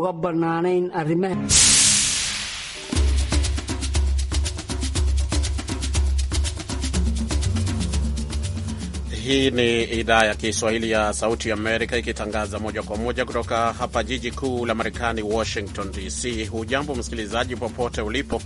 uga banaanayn arrimaha Hii ni idhaa ya Kiswahili ya Sauti ya Amerika ikitangaza moja kwa moja kutoka hapa jiji kuu la Marekani, Washington DC. Hujambo msikilizaji, popote ulipo.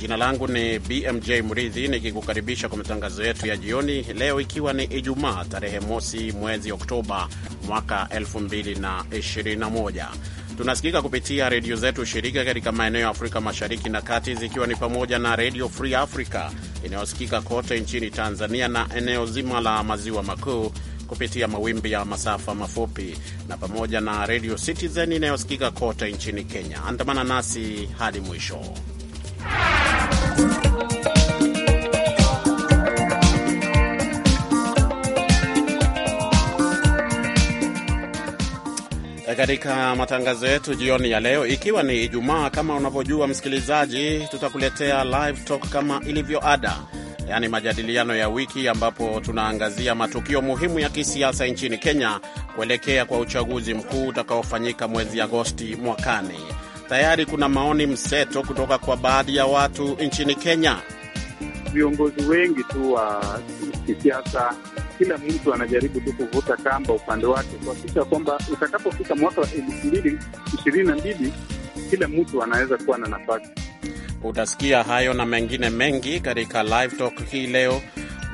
Jina langu ni BMJ Mridhi nikikukaribisha kwa matangazo yetu ya jioni leo, ikiwa ni Ijumaa tarehe mosi mwezi Oktoba mwaka 2021. Tunasikika kupitia redio zetu shirika katika maeneo ya Afrika Mashariki na Kati, zikiwa ni pamoja na Redio Free Africa inayosikika kote nchini Tanzania na eneo zima la maziwa makuu kupitia mawimbi ya masafa mafupi na pamoja na Redio Citizen inayosikika kote nchini Kenya. Andamana nasi hadi mwisho katika matangazo yetu jioni ya leo, ikiwa ni Ijumaa. Kama unavyojua msikilizaji, tutakuletea live talk kama ilivyo ada, yaani majadiliano ya wiki, ambapo tunaangazia matukio muhimu ya kisiasa nchini Kenya kuelekea kwa uchaguzi mkuu utakaofanyika mwezi Agosti mwakani. Tayari kuna maoni mseto kutoka kwa baadhi ya watu nchini Kenya. Viongozi wengi tu wa kisiasa kila mtu anajaribu tu kuvuta kamba upande wake kuhakikisha kwamba utakapofika mwaka wa elfu mbili ishirini na mbili kila mtu anaweza kuwa na nafasi. Utasikia hayo na mengine mengi katika live talk hii leo,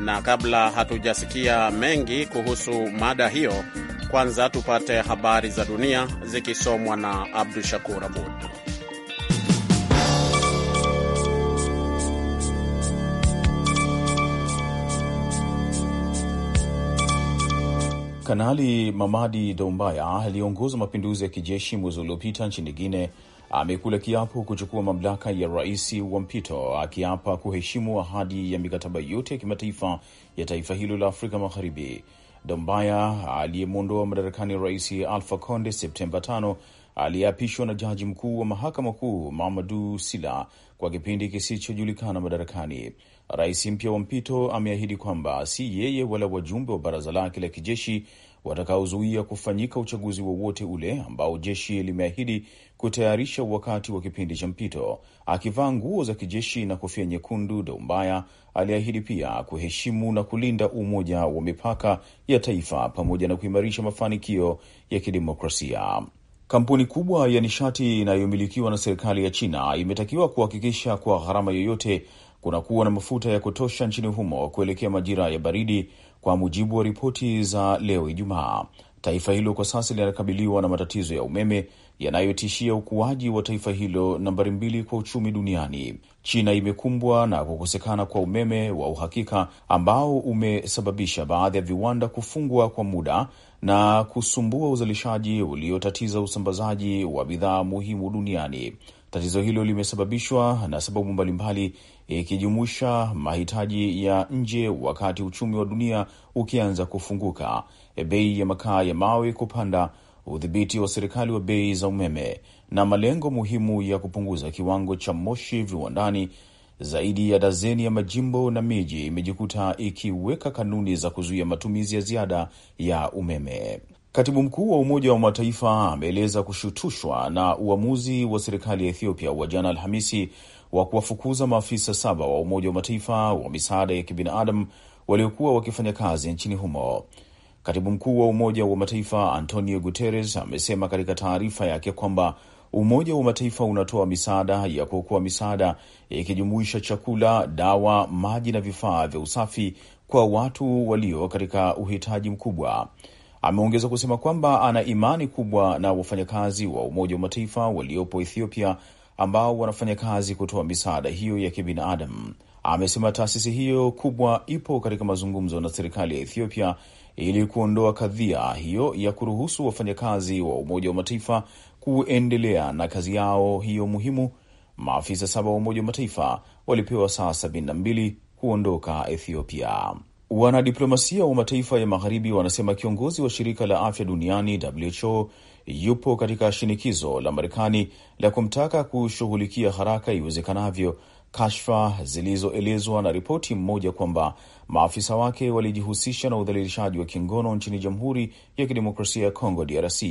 na kabla hatujasikia mengi kuhusu mada hiyo, kwanza tupate habari za dunia zikisomwa na Abdu Shakur Abud. Kanali Mamadi Doumbaya aliyeongoza mapinduzi ya kijeshi mwezi uliopita nchini Guine amekula kiapo kuchukua mamlaka ya rais wa mpito, akiapa kuheshimu ahadi ya mikataba yote ya kimataifa ya taifa hilo la Afrika Magharibi. dombaya aliyemwondoa madarakani Rais Alfa Conde Septemba 5 aliyeapishwa na jaji mkuu wa mahakama kuu Mamadu Sila kwa kipindi kisichojulikana madarakani. Rais mpya wa mpito ameahidi kwamba si yeye wala wajumbe wa baraza lake la kijeshi watakaozuia kufanyika uchaguzi wowote ule ambao jeshi limeahidi kutayarisha wakati wa kipindi cha mpito. Akivaa nguo za kijeshi na kofia nyekundu, Doumbaya aliahidi pia kuheshimu na kulinda umoja wa mipaka ya taifa pamoja na kuimarisha mafanikio ya kidemokrasia. Kampuni kubwa ya nishati inayomilikiwa na serikali ya China imetakiwa kuhakikisha kwa gharama yoyote kunakuwa na mafuta ya kutosha nchini humo kuelekea majira ya baridi kwa mujibu wa ripoti za leo Ijumaa, taifa hilo kwa sasa linakabiliwa na matatizo ya umeme yanayotishia ukuaji wa taifa hilo nambari mbili kwa uchumi duniani. China imekumbwa na kukosekana kwa umeme wa uhakika ambao umesababisha baadhi ya viwanda kufungwa kwa muda na kusumbua uzalishaji uliotatiza usambazaji wa bidhaa muhimu duniani. Tatizo hilo limesababishwa na sababu mbalimbali ikijumuisha mahitaji ya nje, wakati uchumi wa dunia ukianza kufunguka, bei ya makaa ya mawe kupanda, udhibiti wa serikali wa bei za umeme na malengo muhimu ya kupunguza kiwango cha moshi viwandani. Zaidi ya dazeni ya majimbo na miji imejikuta ikiweka kanuni za kuzuia matumizi ya ziada ya umeme. Katibu mkuu wa Umoja wa Mataifa ameeleza kushutushwa na uamuzi wa serikali ya Ethiopia wa jana Alhamisi wa kuwafukuza maafisa saba wa Umoja wa Mataifa wa misaada ya kibinadamu waliokuwa wakifanya kazi nchini humo. Katibu mkuu wa Umoja wa Mataifa Antonio Guterres amesema katika taarifa yake kwamba Umoja wa Mataifa unatoa misaada ya kuokoa misaada ikijumuisha chakula, dawa, maji na vifaa vya usafi kwa watu walio katika uhitaji mkubwa. Ameongeza kusema kwamba ana imani kubwa na wafanyakazi wa Umoja wa Mataifa waliopo Ethiopia ambao wanafanya kazi kutoa misaada hiyo ya kibinadamu. Amesema taasisi hiyo kubwa ipo katika mazungumzo na serikali ya Ethiopia ili kuondoa kadhia hiyo ya kuruhusu wafanyakazi wa Umoja wa Mataifa kuendelea na kazi yao hiyo muhimu. Maafisa saba wa Umoja wa Mataifa walipewa saa 72 kuondoka Ethiopia. Wanadiplomasia wa mataifa ya magharibi wanasema kiongozi wa shirika la afya duniani WHO yupo katika shinikizo la Marekani la kumtaka kushughulikia haraka iwezekanavyo kashfa zilizoelezwa na ripoti mmoja kwamba maafisa wake walijihusisha na udhalilishaji wa kingono nchini Jamhuri ya Kidemokrasia ya Kongo, DRC.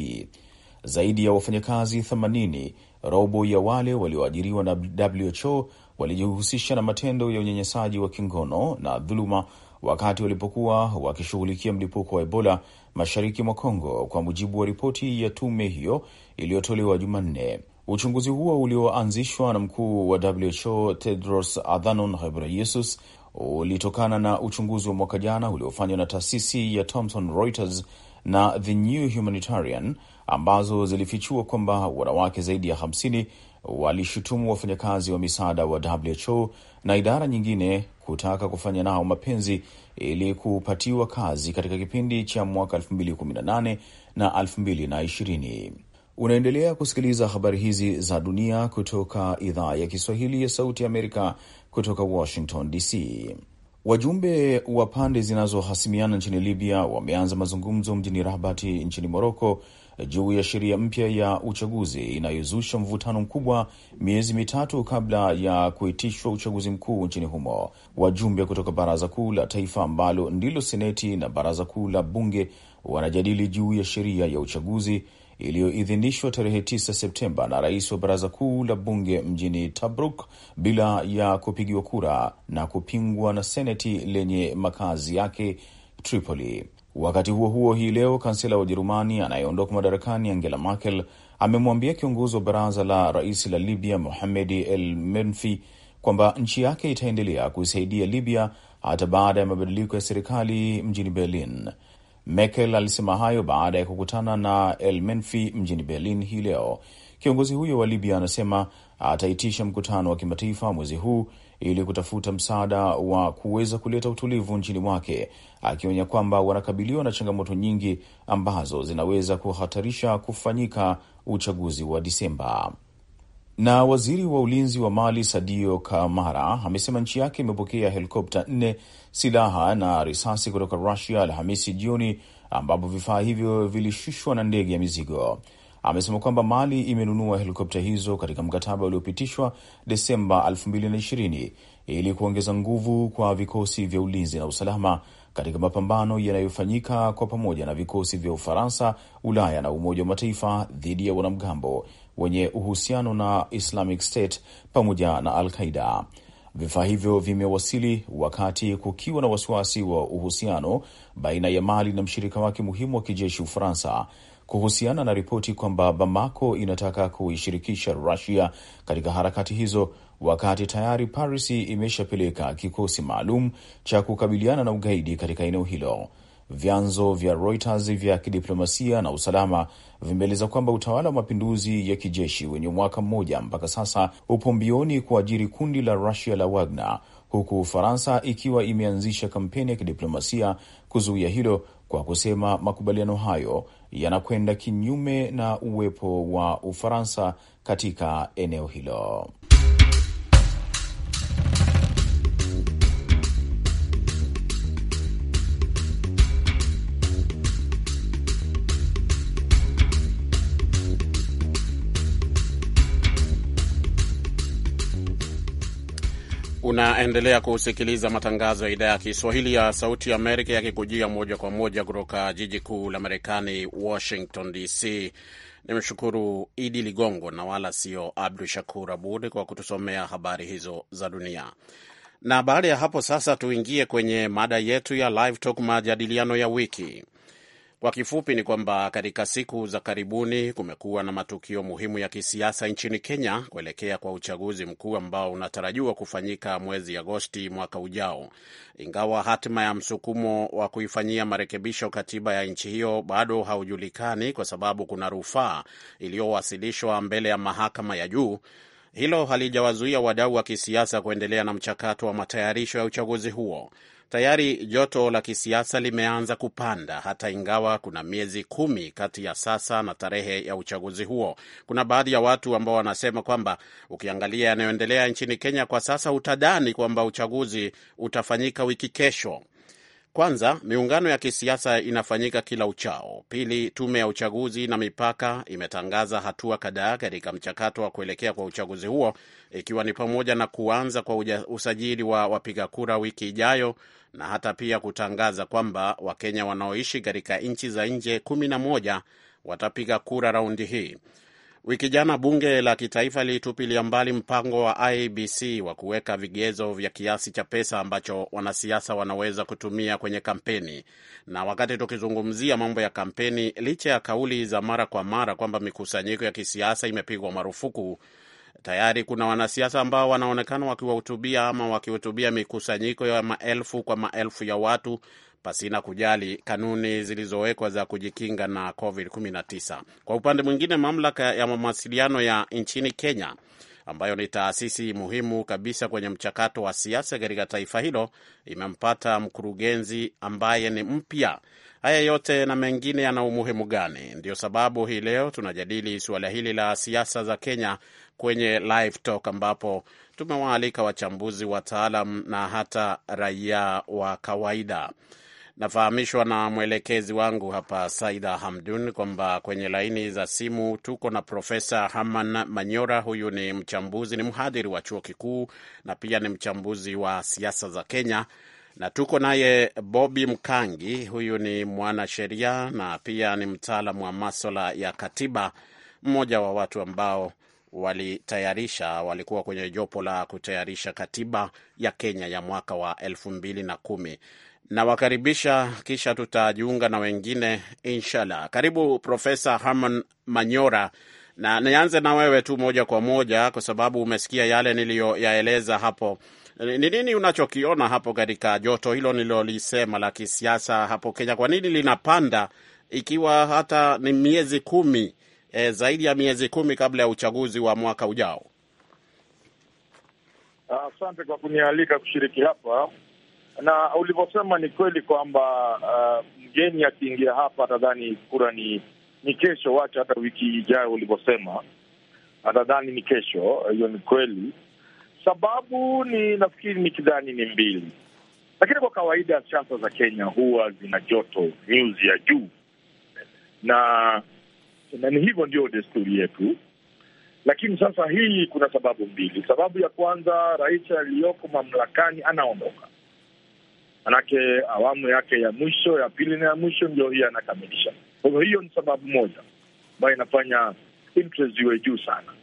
Zaidi ya wafanyakazi 80 robo ya wale walioajiriwa na WHO walijihusisha na matendo ya unyanyasaji wa kingono na dhuluma wakati walipokuwa wakishughulikia mlipuko wa Ebola mashariki mwa Kongo, kwa mujibu wa ripoti ya tume hiyo iliyotolewa Jumanne. Uchunguzi huo ulioanzishwa na mkuu wa WHO Tedros Adhanom Ghebreyesus ulitokana na uchunguzi wa mwaka jana uliofanywa na taasisi ya Thomson Reuters na The New Humanitarian ambazo zilifichua kwamba wanawake zaidi ya 50 walishutumu wafanyakazi wa misaada wa WHO na idara nyingine kutaka kufanya nao mapenzi ili kupatiwa kazi katika kipindi cha mwaka 2018 na 2020. Unaendelea kusikiliza habari hizi za dunia kutoka idhaa ya Kiswahili ya Sauti ya Amerika kutoka Washington DC. Wajumbe wa pande zinazohasimiana nchini Libya wameanza mazungumzo mjini rahbati nchini Moroko juu ya sheria mpya ya uchaguzi inayozusha mvutano mkubwa miezi mitatu kabla ya kuitishwa uchaguzi mkuu nchini humo. Wajumbe kutoka baraza kuu la taifa ambalo ndilo seneti na baraza kuu la bunge wanajadili juu ya sheria ya uchaguzi iliyoidhinishwa tarehe 9 Septemba na rais wa baraza kuu la bunge mjini Tabruk bila ya kupigiwa kura na kupingwa na seneti lenye makazi yake Tripoli. Wakati huo huo, hii leo kansela wa Ujerumani anayeondoka madarakani Angela Merkel amemwambia kiongozi wa baraza la rais la Libya Mohamed El Menfi kwamba nchi yake itaendelea kuisaidia Libya hata baada ya mabadiliko ya serikali mjini Berlin. Merkel alisema hayo baada ya kukutana na El Menfi mjini Berlin hii leo. Kiongozi huyo wa Libya anasema ataitisha mkutano wa kimataifa mwezi huu ili kutafuta msaada wa kuweza kuleta utulivu nchini mwake, akionya kwamba wanakabiliwa na changamoto nyingi ambazo zinaweza kuhatarisha kufanyika uchaguzi wa Disemba. Na waziri wa ulinzi wa Mali Sadio Kamara amesema nchi yake imepokea helikopta nne, silaha na risasi kutoka Rusia Alhamisi jioni, ambapo vifaa hivyo vilishushwa na ndege ya mizigo amesema kwamba Mali imenunua helikopta hizo katika mkataba uliopitishwa Desemba 2020 ili kuongeza nguvu kwa vikosi vya ulinzi na usalama katika mapambano yanayofanyika kwa pamoja na vikosi vya Ufaransa, Ulaya na Umoja wa Mataifa dhidi ya wanamgambo wenye uhusiano na Islamic State pamoja na Al Qaida. Vifaa hivyo vimewasili wakati kukiwa na wasiwasi wa uhusiano baina ya Mali na mshirika wake muhimu wa kijeshi Ufaransa, kuhusiana na ripoti kwamba Bamako inataka kuishirikisha Rusia katika harakati hizo, wakati tayari Paris imeshapeleka kikosi maalum cha kukabiliana na ugaidi katika eneo hilo. Vyanzo vya Reuters vya kidiplomasia na usalama vimeeleza kwamba utawala wa mapinduzi ya kijeshi wenye mwaka mmoja mpaka sasa upo mbioni kuajiri kundi la Rusia la Wagner, huku Ufaransa ikiwa imeanzisha kampeni ya kidiplomasia kuzuia hilo, kwa kusema makubaliano hayo yanakwenda kinyume na uwepo wa Ufaransa katika eneo hilo. Unaendelea kusikiliza matangazo ya idhaa ya Kiswahili ya Sauti ya Amerika yakikujia moja kwa moja kutoka jiji kuu la Marekani, Washington DC. Nimshukuru Idi Ligongo na wala sio Abdu Shakur Abud kwa kutusomea habari hizo za dunia. Na baada ya hapo sasa, tuingie kwenye mada yetu ya Live Talk, majadiliano ya wiki. Kwa kifupi ni kwamba katika siku za karibuni kumekuwa na matukio muhimu ya kisiasa nchini Kenya kuelekea kwa uchaguzi mkuu ambao unatarajiwa kufanyika mwezi Agosti mwaka ujao. Ingawa hatima ya msukumo wa kuifanyia marekebisho katiba ya nchi hiyo bado haujulikani kwa sababu kuna rufaa iliyowasilishwa mbele ya mahakama ya juu, hilo halijawazuia wadau wa kisiasa kuendelea na mchakato wa matayarisho ya uchaguzi huo. Tayari joto la kisiasa limeanza kupanda hata ingawa kuna miezi kumi kati ya sasa na tarehe ya uchaguzi huo. Kuna baadhi ya watu ambao wanasema kwamba ukiangalia yanayoendelea nchini Kenya kwa sasa utadhani kwamba uchaguzi utafanyika wiki kesho. Kwanza, miungano ya kisiasa inafanyika kila uchao. Pili, tume ya uchaguzi na mipaka imetangaza hatua kadhaa katika mchakato wa kuelekea kwa uchaguzi huo, ikiwa ni pamoja na kuanza kwa usajili wa wapiga kura wiki ijayo, na hata pia kutangaza kwamba Wakenya wanaoishi katika nchi za nje kumi na moja watapiga kura raundi hii. Wiki jana bunge la kitaifa lilitupilia mbali mpango wa IBC wa kuweka vigezo vya kiasi cha pesa ambacho wanasiasa wanaweza kutumia kwenye kampeni. Na wakati tukizungumzia mambo ya kampeni, licha ya kauli za mara kwa mara kwamba mikusanyiko ya kisiasa imepigwa marufuku, Tayari kuna wanasiasa ambao wanaonekana wakiwahutubia ama wakihutubia mikusanyiko ya maelfu kwa maelfu ya watu pasina kujali kanuni zilizowekwa za kujikinga na COVID-19. Kwa upande mwingine, mamlaka ya mawasiliano ya nchini Kenya ambayo ni taasisi muhimu kabisa kwenye mchakato wa siasa katika taifa hilo, imempata mkurugenzi ambaye ni mpya. Haya yote na mengine yana umuhimu gani? Ndio sababu hii leo tunajadili suala hili la siasa za Kenya kwenye Live Talk, ambapo tumewaalika wachambuzi, wataalam na hata raia wa kawaida. Nafahamishwa na mwelekezi wangu hapa Saida Hamdun kwamba kwenye laini za simu tuko na Profesa Haman Manyora. Huyu ni mchambuzi, ni mhadhiri wa chuo kikuu na pia ni mchambuzi wa siasa za Kenya, na tuko naye Bobi Mkangi. Huyu ni mwanasheria na pia ni mtaalam wa maswala ya katiba, mmoja wa watu ambao walitayarisha walikuwa kwenye jopo la kutayarisha katiba ya Kenya ya mwaka wa elfu mbili na kumi nawakaribisha, kisha tutajiunga na wengine inshallah. Karibu Profesa Herman Manyora, na nianze na wewe tu moja kwa moja, kwa sababu umesikia yale niliyoyaeleza hapo. Ni nini unachokiona hapo katika joto hilo nilolisema la kisiasa hapo Kenya? Kwa nini linapanda ikiwa hata ni miezi kumi e, zaidi ya miezi kumi kabla ya uchaguzi wa mwaka ujao? Asante kwa kunialika kushiriki hapa na ulivyosema ni kweli kwamba uh, mgeni akiingia hapa atadhani kura ni ni kesho, wacha hata wiki ijayo. Ulivyosema atadhani ni kesho, hiyo ni kweli. Sababu ni nafikiri ni kidhani ni mbili, lakini kwa kawaida siasa za Kenya huwa zina joto, nyuzi ya juu, na na ni hivyo, ndio desturi yetu. Lakini sasa hii kuna sababu mbili. Sababu ya kwanza, rais aliyoko mamlakani anaondoka manake awamu yake ya mwisho ya pili na ya mwisho ndio hiyo anakamilisha. Kwa hiyo ni sababu moja ambayo inafanya interest iwe juu sana.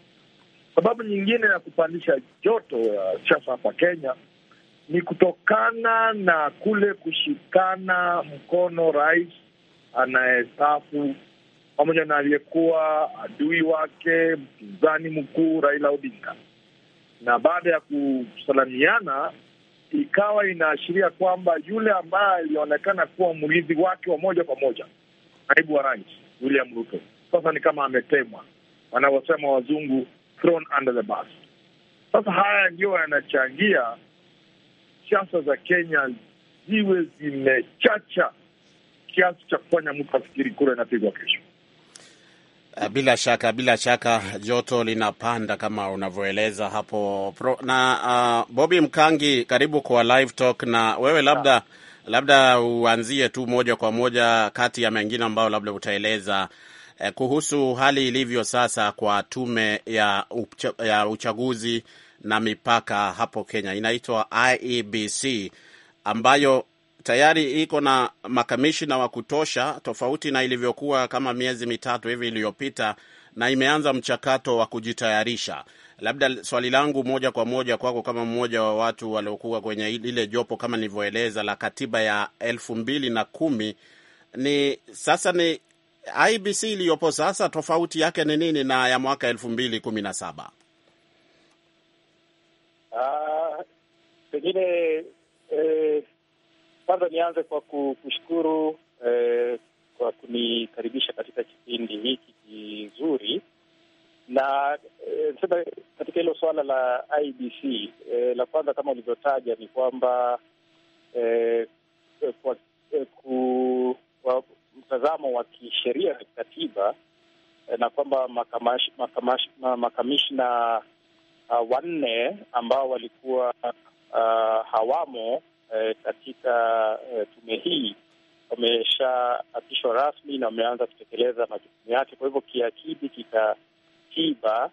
Sababu nyingine ya kupandisha joto ya siasa hapa Kenya ni kutokana na kule kushikana mkono rais anayestaafu pamoja na aliyekuwa adui wake mpinzani mkuu Raila Odinga, na baada ya kusalamiana ikawa inaashiria kwamba yule ambaye alionekana kuwa mrithi wake wa moja kwa moja, naibu wa rais William Ruto, sasa ni kama ametemwa, wanavyosema wazungu thrown under the bus. Sasa haya ndio yanachangia siasa za Kenya ziwe zimechacha kiasi cha kufanya mtu afikiri kura inapigwa kesho. Eh, bila shaka bila shaka, joto linapanda kama unavyoeleza hapo pro. Na uh, ah, Bobby Mkangi, karibu kwa live talk. Na wewe labda labda uanzie tu moja kwa moja kati ya mengine ambayo labda utaeleza eh, kuhusu hali ilivyo sasa kwa tume ya, ucha, ya uchaguzi na mipaka hapo Kenya inaitwa IEBC ambayo tayari iko na makamishina wa kutosha, tofauti na ilivyokuwa kama miezi mitatu hivi iliyopita, na imeanza mchakato wa kujitayarisha. Labda swali langu moja kwa moja kwako, kama mmoja wa watu waliokuwa kwenye lile jopo kama nilivyoeleza la katiba ya elfu mbili na kumi ni sasa ni IBC iliyopo sasa, tofauti yake ni nini na ya mwaka elfu mbili kumi na saba? Ah, pengine eh, kwanza nianze kwa kushukuru eh, kwa kunikaribisha katika kipindi hiki kizuri na nisema eh, katika hilo suala la IBC eh, la kwanza kama ulivyotaja ni kwamba eh, eh, kwa, eh, ku, kwa mtazamo wa kisheria na kikatiba eh, na kwamba makamishna uh, wanne ambao walikuwa uh, hawamo eh, katika eh, tume hii wameshaapishwa rasmi na wameanza kutekeleza majukumu yake. Kwa hivyo kiakidi, kikatiba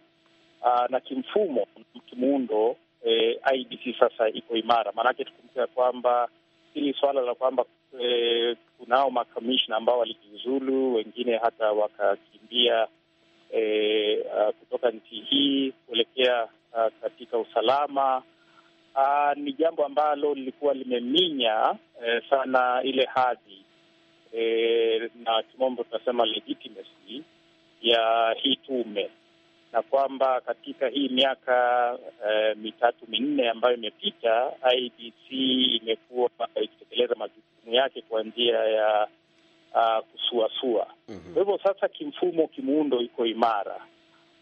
ah, na kimfumo, kimuundo eh, IEBC sasa iko imara. Maanake tukumbuke ya kwamba hili swala la kwamba eh, kunao makamishna ambao walijiuzulu, wengine hata wakakimbia eh, uh, kutoka nchi hii kuelekea uh, katika usalama uh, ni jambo ambalo lilikuwa limeminya eh, sana ile hadhi eh, na kimombo tunasema legitimacy ya hii tume, na kwamba katika hii miaka eh, mitatu minne ambayo imepita, IBC imekuwa ikitekeleza majukumu yake kwa njia ya uh, kusuasua. Mhm. Kwa mm hivyo Sasa kimfumo, kimuundo iko imara.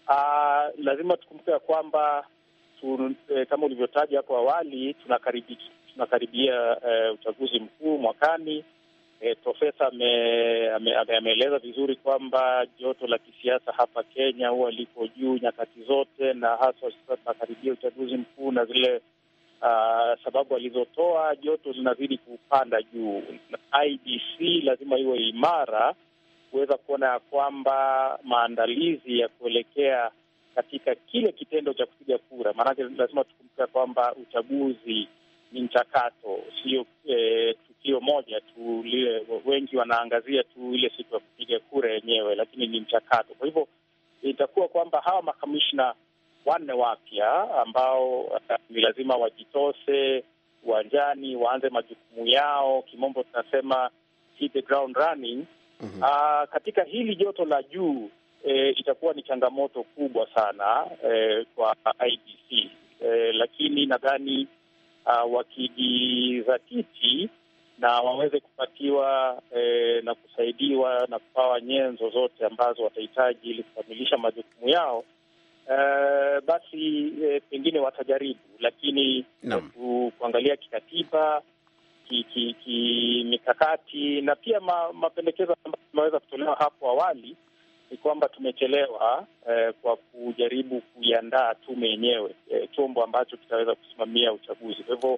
Uh, lazima tukumbuke ya kwamba e, kama ulivyotaja hapo awali tunakaribia, tunakaribia e, uchaguzi mkuu mwakani. E, Profesa ameeleza ame, ame vizuri kwamba joto la kisiasa hapa Kenya huwa liko juu nyakati zote, na haswa sasa tunakaribia uchaguzi mkuu na zile Uh, sababu alizotoa joto linazidi kupanda juu. IBC lazima iwe imara kuweza kuona ya kwamba maandalizi ya kuelekea katika kile kitendo cha kupiga kura. Maanake lazima tukumbuka kwamba uchaguzi ni mchakato, sio eh, tukio moja tu lile. Wengi wanaangazia tu ile siku ya kupiga kura yenyewe, lakini ni mchakato. Kwa hivyo itakuwa kwamba hawa makamishna wanne wapya ambao eh, ni lazima wajitose uwanjani, waanze majukumu yao, kimombo tunasema hit the ground running. Mm -hmm. Aa, ah, katika hili joto la juu e, itakuwa ni changamoto kubwa sana e, kwa IBC e, lakini nadhani wakijizatiti na waweze kupatiwa e, na kusaidiwa na kupawa nyenzo zote ambazo watahitaji ili kukamilisha majukumu yao. Uh, basi eh, pengine watajaribu, lakini no. kuangalia kikatiba, kimikakati ki, ki, na pia ma, mapendekezo ambayo imeweza kutolewa hapo awali ni kwamba tumechelewa eh, kwa kujaribu kuiandaa tume yenyewe, eh, chombo ambacho kitaweza kusimamia uchaguzi. Kwa hivyo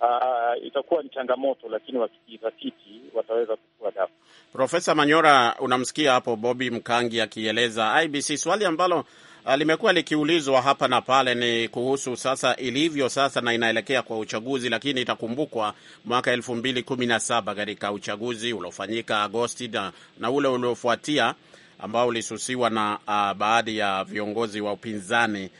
uh, itakuwa ni changamoto, lakini wakijizatiti wataweza kukua dafu. Profesa Manyora, unamsikia hapo Bobby Mkangi akieleza IBC. Swali ambalo ah, limekuwa likiulizwa hapa na pale ni kuhusu sasa ilivyo sasa na inaelekea kwa uchaguzi, lakini itakumbukwa mwaka elfu mbili kumi na saba katika uchaguzi uliofanyika Agosti na, na ule uliofuatia ambao ulisusiwa na uh, baadhi ya viongozi wa upinzani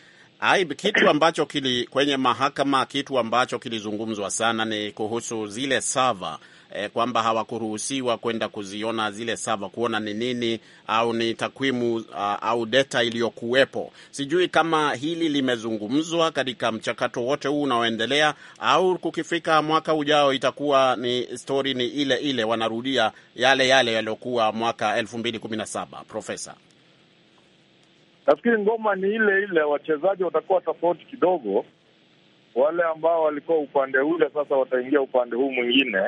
aib, kitu ambacho kili kwenye mahakama, kitu ambacho kilizungumzwa sana ni kuhusu zile sava eh, kwamba hawakuruhusiwa kwenda kuziona zile sava kuona ni nini au ni takwimu uh, au data iliyokuwepo. Sijui kama hili limezungumzwa katika mchakato wote huu unaoendelea, au kukifika mwaka ujao itakuwa ni stori ni ile ile, wanarudia yale yale yaliyokuwa mwaka elfu mbili kumi na saba. Profesa, nafikiri ngoma ni ile ile, wachezaji watakuwa tofauti kidogo. Wale ambao walikuwa upande ule sasa wataingia upande huu mwingine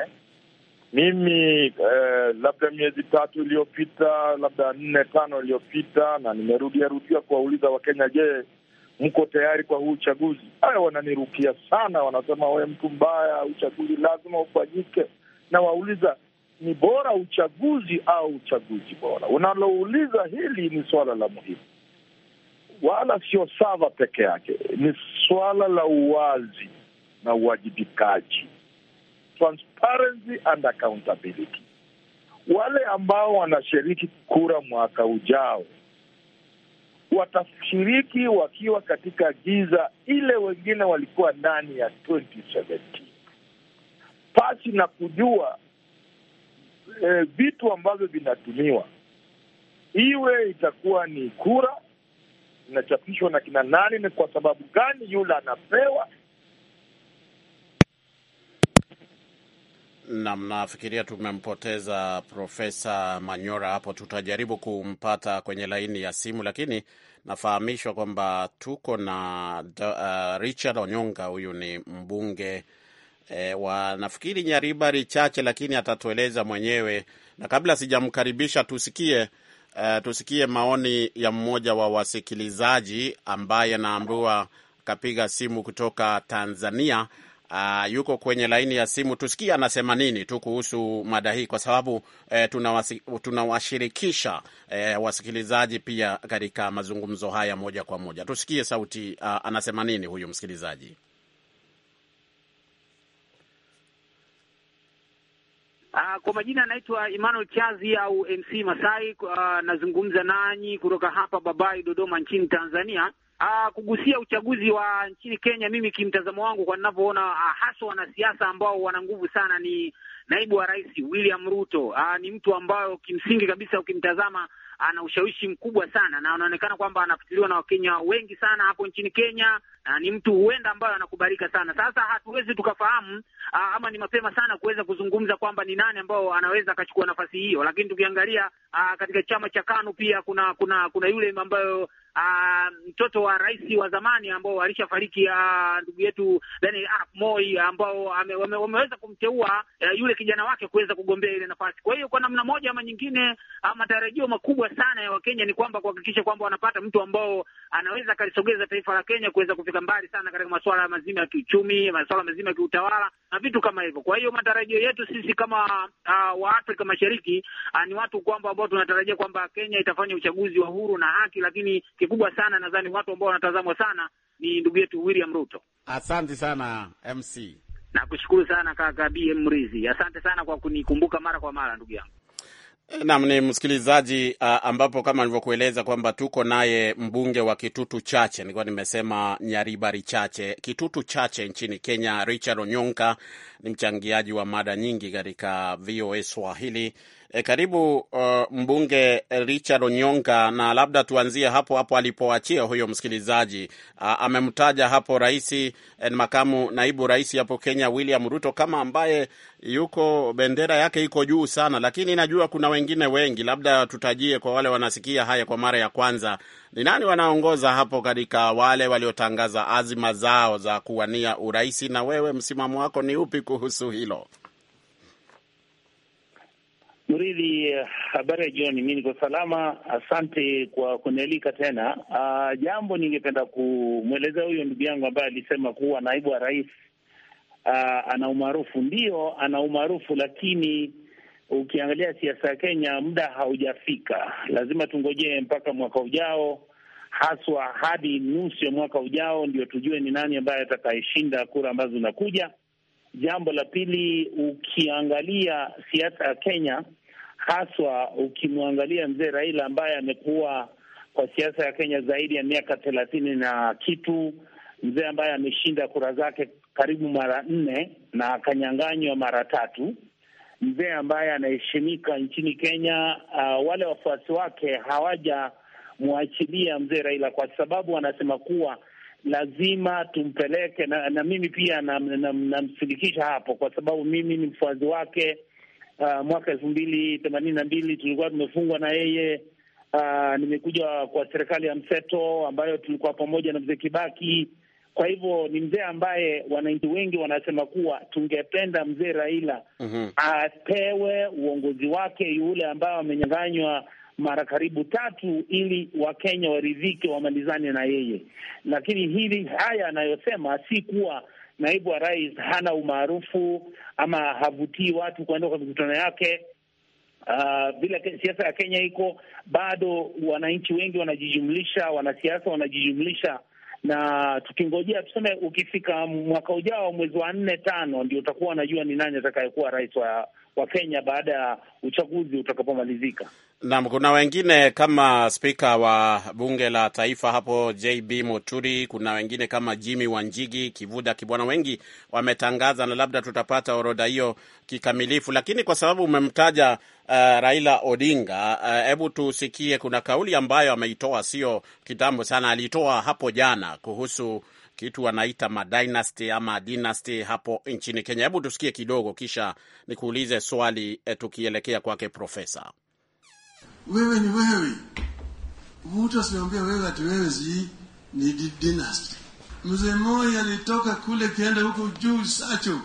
mimi eh, labda miezi tatu iliyopita labda nne tano iliyopita, na nimerudia rudia kuwauliza Wakenya, je, mko tayari kwa huu uchaguzi? Haya, wananirukia sana, wanasema we mtu mbaya, uchaguzi lazima ufanyike. nawauliza ni bora uchaguzi au uchaguzi bora? Unalouliza hili ni suala la muhimu, wala sio sava peke yake, ni suala la uwazi na uwajibikaji transparency and accountability. Wale ambao wanashiriki kura mwaka ujao watashiriki wakiwa katika giza ile wengine walikuwa ndani ya 2017 pasi na kujua e, vitu ambavyo vinatumiwa, iwe itakuwa ni kura inachapishwa na kina nani, ni kwa sababu gani yule anapewa Nam, nafikiria tumempoteza Profesa Manyora hapo. Tutajaribu kumpata kwenye laini ya simu, lakini nafahamishwa kwamba tuko na uh, Richard Onyonga. Huyu ni mbunge e, wa nafikiri Nyaribari chache, lakini atatueleza mwenyewe. Na kabla sijamkaribisha, tusikie uh, tusikie maoni ya mmoja wa wasikilizaji ambaye naambiwa kapiga simu kutoka Tanzania Uh, yuko kwenye laini ya simu, tusikie anasema nini tu kuhusu mada hii, kwa sababu eh, tunawashirikisha eh, wasikilizaji pia katika mazungumzo haya moja kwa moja. Tusikie sauti, uh, anasema nini huyu msikilizaji. Uh, kwa majina anaitwa Emmanuel Chazi au MC Masai. Uh, nazungumza nanyi kutoka hapa Babai, Dodoma nchini Tanzania. Aa, ah, kugusia uchaguzi wa nchini Kenya, mimi kimtazamo wangu kwa ninavyoona, ah, haswa wanasiasa ambao wana nguvu sana ni naibu wa rais William Ruto. Aa, ah, ni mtu ambayo kimsingi kabisa ukimtazama ana ushawishi mkubwa sana na anaonekana kwamba anafikiriwa na Wakenya wengi sana hapo nchini Kenya, na ni mtu huenda ambayo anakubalika sana. Sasa hatuwezi tukafahamu aa, ama ni mapema sana kuweza kuzungumza kwamba ni nani ambao anaweza akachukua nafasi hiyo, lakini tukiangalia aa, katika chama cha KANU pia kuna kuna kuna yule ambayo Ah, mtoto wa rais wa zamani ambao alishafariki ah, ndugu yetu Arap Moi, ambao wameweza kumteua eh, yule kijana wake kuweza kugombea ile nafasi. Kwa hiyo kwa namna moja ama nyingine, ah, matarajio makubwa sana ya Wakenya ni kwamba kuhakikisha kwamba wanapata mtu ambao anaweza akalisogeza taifa la Kenya kuweza kufika mbali sana katika masuala mazima ya kiuchumi, masuala mazima ya kiutawala na vitu kama hivyo. Kwa hiyo matarajio yetu sisi kama uh, wa Afrika Mashariki uh, ni watu kwamba ambao tunatarajia kwamba Kenya itafanya uchaguzi wa huru na haki, lakini kikubwa sana nadhani watu ambao wanatazamwa sana ni ndugu yetu William Ruto. Asante sana MC. Nakushukuru sana kaka BM Mrizi, asante sana kwa kunikumbuka mara kwa mara ndugu yangu. Naam, ni msikilizaji uh, ambapo kama nilivyokueleza kwamba tuko naye mbunge wa Kitutu Chache, nilikuwa nimesema Nyaribari Chache, Kitutu Chache nchini Kenya. Richard Onyonka ni mchangiaji wa mada nyingi katika VOA Swahili E, karibu uh, mbunge Richard Onyonga, na labda tuanzie hapo hapo alipoachia huyo msikilizaji. Uh, amemtaja hapo na eh, makamu naibu rais hapo Kenya William Ruto kama ambaye yuko bendera yake iko juu sana, lakini najua kuna wengine wengi, labda tutajie kwa wale wanasikia haya kwa mara ya kwanza, ni nani wanaongoza hapo katika wale waliotangaza azima zao za kuwania urais, na wewe msimamo wako ni upi kuhusu hilo? Mridhi, habari ya jioni. Mi niko salama, asante kwa kunialika tena. Uh, jambo ningependa kumwelezea huyo ndugu yangu ambaye alisema kuwa naibu wa rais uh, ana umaarufu. ndio ana umaarufu, lakini ukiangalia siasa ya Kenya muda haujafika. Lazima tungojee mpaka mwaka ujao, haswa hadi nusu ya mwaka ujao, ndio tujue ni nani ambaye atakayeshinda kura ambazo zinakuja Jambo la pili, ukiangalia siasa ya Kenya, haswa ukimwangalia mzee Raila ambaye amekuwa kwa siasa ya Kenya zaidi ya miaka thelathini na kitu, mzee ambaye ameshinda kura zake karibu mara nne na akanyang'anywa mara tatu, mzee ambaye anaheshimika nchini Kenya. Uh, wale wafuasi wake hawajamwachilia mzee Raila kwa sababu wanasema kuwa lazima tumpeleke na, na mimi pia namsindikisha na, na hapo kwa sababu mimi ni mfuazi wake. Uh, mwaka elfu mbili themanini na mbili tulikuwa tumefungwa na yeye. Uh, nimekuja kwa serikali ya mseto ambayo tulikuwa pamoja na mzee Kibaki. Kwa hivyo ni mzee ambaye wananchi wengi wanasema kuwa tungependa mzee Raila mm -hmm. apewe uongozi wake yule ambayo amenyang'anywa mara karibu tatu, ili Wakenya waridhike, wamalizane na yeye. Lakini hili haya anayosema si kuwa naibu wa rais hana umaarufu ama havutii watu kuenda kwa mikutano yake. Uh, bila siasa ya Kenya iko bado, wananchi wengi wanajijumlisha, wanasiasa wanajijumlisha, na tukingojea tuseme, ukifika mwaka ujao mwezi wa nne tano, ndio utakuwa unajua ni nani atakayekuwa rais wa, wa Kenya baada ya uchaguzi utakapomalizika. Naam, kuna wengine kama spika wa bunge la taifa hapo JB Moturi, kuna wengine kama Jimmy Wanjigi, Kivuda Kibwana, wengi wametangaza, na labda tutapata orodha hiyo kikamilifu, lakini kwa sababu umemtaja uh, Raila Odinga, hebu uh, tusikie, kuna kauli ambayo ameitoa sio kitambo sana, alitoa hapo jana kuhusu kitu wanaita madynasty ama dynasty hapo nchini Kenya. Hebu tusikie kidogo, kisha nikuulize swali eh, tukielekea kwake Profesa wewe ni wewe. Mtu asimwambia wewe ati wewe zi ni dynasty. Mzee Moi alitoka kule kienda huko juu Sacho,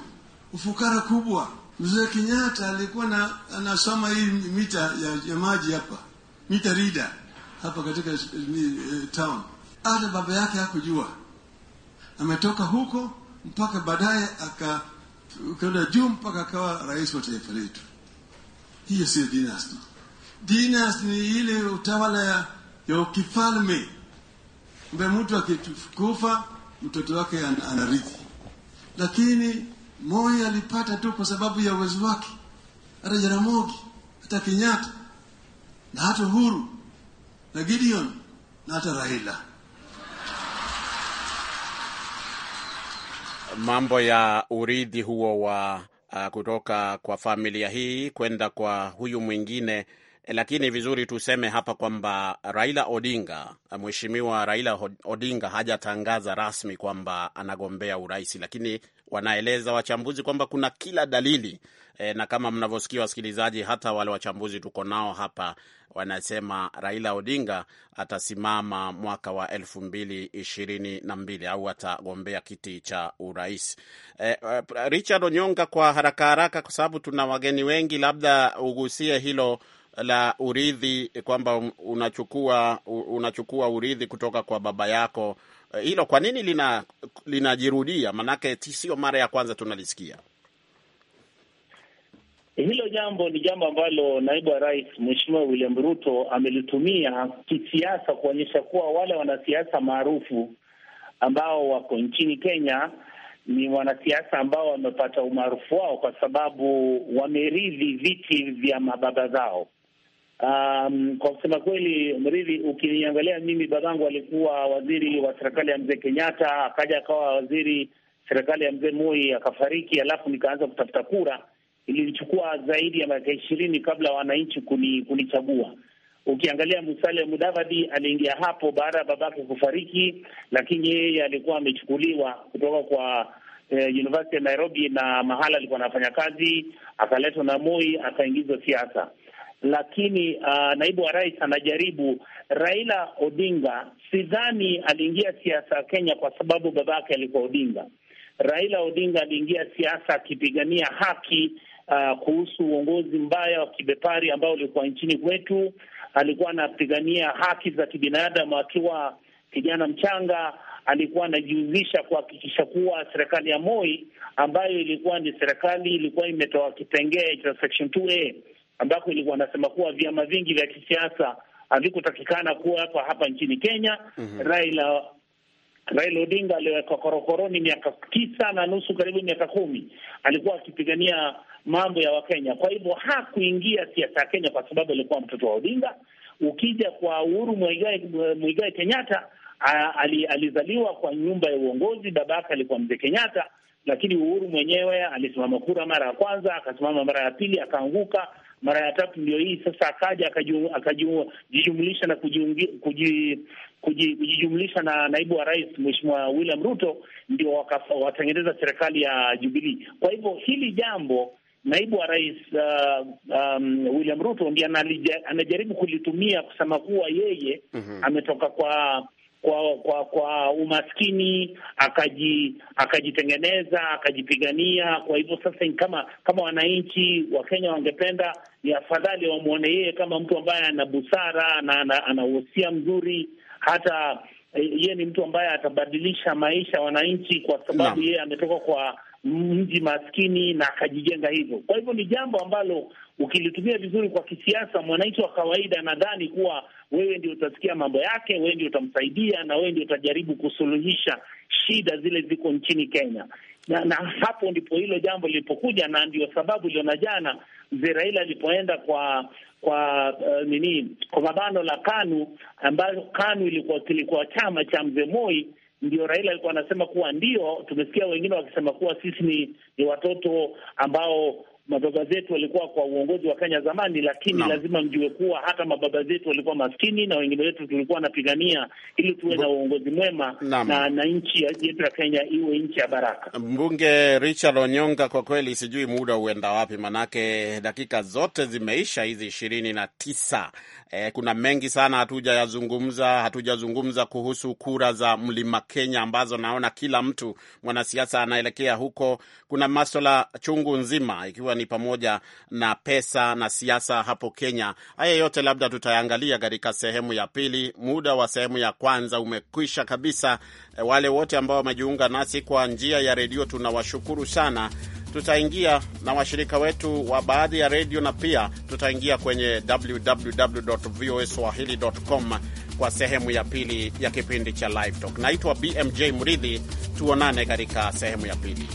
ufukara kubwa. Mzee Kenyatta alikuwa na, anasoma hii mita ya, ya maji hapa mita rida hapa katika uh, town. Hata baba yake hakujua, ametoka huko mpaka baadaye akaenda juu mpaka akawa rais wa taifa letu. Hiyo sio dynasty dinas ni ile utawala ya, ya kifalme ambaye mtu akikufa mtoto wake anarithi. Lakini moya alipata tu kwa sababu ya uwezo wake, hata Jaramogi, hata Kenyatta na hata Uhuru na Gideon na hata Raila. Mambo ya urithi huo wa uh, kutoka kwa familia hii kwenda kwa huyu mwingine lakini vizuri tuseme hapa kwamba Raila Odinga, mheshimiwa Raila Odinga hajatangaza rasmi kwamba anagombea urais, lakini wanaeleza wachambuzi kwamba kuna kila dalili e, na kama mnavyosikia wasikilizaji, hata wale wachambuzi tuko nao hapa wanasema Raila Odinga atasimama mwaka wa elfu mbili ishirini na mbili au atagombea kiti cha urais. E, Richard Onyonga, kwa haraka haraka, kwa sababu tuna wageni wengi, labda ugusie hilo la urithi kwamba unachukua unachukua urithi kutoka kwa baba yako, eh, hilo kwa nini lina linajirudia? Maanake sio mara ya kwanza tunalisikia hilo jambo. Ni jambo ambalo naibu wa rais Mheshimiwa William Ruto amelitumia kisiasa kuonyesha kuwa wale wanasiasa maarufu ambao wako nchini Kenya ni wanasiasa ambao wamepata umaarufu wao kwa sababu wameridhi viti vya mababa zao. Um, kwa kusema kweli Mridhi, ukiniangalia mimi, babangu alikuwa waziri wa serikali ya mzee Kenyatta, akaja akawa waziri serikali ya mzee Moi, akafariki, alafu nikaanza kutafuta kura. ilichukua zaidi ya miaka ishirini kabla wananchi kuni, kunichagua. Ukiangalia Musalia Mudavadi aliingia hapo baada ya babake kufariki, lakini yeye alikuwa amechukuliwa kutoka kwa eh, University ya Nairobi na mahala alikuwa anafanya kazi, akaletwa na Moi akaingizwa siasa lakini uh, naibu wa rais anajaribu. Raila Odinga sidhani aliingia siasa ya Kenya kwa sababu yake alikuwa Odinga. Raila Odinga aliingia siasa akipigania haki uh, kuhusu uongozi mbaya wa kibepari ambao ulikuwa nchini kwetu. Alikuwa anapigania haki za kibinadamu akiwa kijana mchanga. Alikuwa anajihusisha kuhakikisha kuwa serikali ya Moi ambayo ilikuwa ni serikali ilikuwa imetoa kipengee cha section 2A ambapo ilikuwa anasema kuwa vyama vingi vya kisiasa havikutakikana kuwa hapa hapa nchini Kenya. mm -hmm. Raila Raila Odinga aliwekwa korokoroni miaka tisa na nusu, karibu miaka kumi, alikuwa akipigania mambo ya Wakenya. Kwa hivyo hakuingia siasa ya Kenya kwa sababu alikuwa mtoto wa Odinga. Ukija kwa Uhuru Muigai, Kenyatta ali, alizaliwa kwa nyumba ya uongozi, baba yake alikuwa mzee Kenyatta, lakini Uhuru mwenyewe alisimama kura mara ya kwanza, akasimama mara ya pili, akaanguka mara ya tatu ndio hii sasa, akaja akajijumlisha na kujijumlisha na naibu wa rais Mheshimiwa William Ruto, ndio watengeneza serikali ya jubilii Kwa hivyo hili jambo naibu wa rais uh, um, William Ruto ndiye anajaribu kulitumia kusema kuwa yeye mm -hmm. ametoka kwa kwa kwa kwa umaskini akaji, akajitengeneza akajipigania. Kwa hivyo sasa, kama kama wananchi wa Kenya wangependa, ni afadhali wamwone yeye kama mtu ambaye ana busara na ana uhosia mzuri hata eh, yeye ni mtu ambaye atabadilisha maisha ya wananchi, kwa sababu yeye ametoka kwa mji maskini na akajijenga hivyo. Kwa hivyo ni jambo ambalo ukilitumia vizuri kwa kisiasa, mwananchi wa kawaida nadhani kuwa wewe ndio utasikia mambo yake, wewe ndio utamsaidia, na wewe ndio utajaribu kusuluhisha shida zile ziko nchini Kenya. Na, na hapo ndipo hilo jambo lilipokuja, na ndio sababu iliona jana mzee Raila alipoenda kwa kwa uh, nini kwa mabano la KANU ambayo KANU ilikuwa kilikuwa chama cha mzee Moi, ndio Raila alikuwa anasema kuwa ndio, tumesikia wengine wakisema kuwa sisi ni, ni watoto ambao mababa zetu walikuwa kwa uongozi wa Kenya zamani, lakini no. lazima mjue kuwa hata mababa zetu walikuwa maskini na wengine wetu tulikuwa napigania ili tuwe na uongozi mwema no. na, na nchi yetu ya Kenya iwe nchi ya baraka. Mbunge Richard Onyonga, kwa kweli sijui muda uenda wapi, manake dakika zote zimeisha hizi ishirini na tisa. Eh, kuna mengi sana hatujayazungumza, hatujazungumza kuhusu kura za mlima Kenya ambazo naona kila mtu mwanasiasa anaelekea huko. Kuna maswala chungu nzima ikiwa ni pamoja na pesa na siasa hapo Kenya. Haya yote labda tutayangalia katika sehemu ya pili. Muda wa sehemu ya kwanza umekwisha kabisa. Eh, wale wote ambao wamejiunga nasi kwa njia ya redio tunawashukuru sana. Tutaingia na washirika wetu wa baadhi ya redio na pia tutaingia kwenye www.voaswahili.com kwa sehemu ya pili ya kipindi cha Live Talk. Naitwa BMJ Mridhi, tuonane katika sehemu ya pili.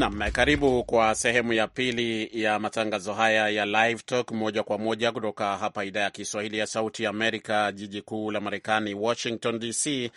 Nam, karibu kwa sehemu ya pili ya matangazo haya ya Live Talk moja kwa moja kutoka hapa idhaa ya Kiswahili ya Sauti Amerika, jiji kuu la Marekani, Washington DC,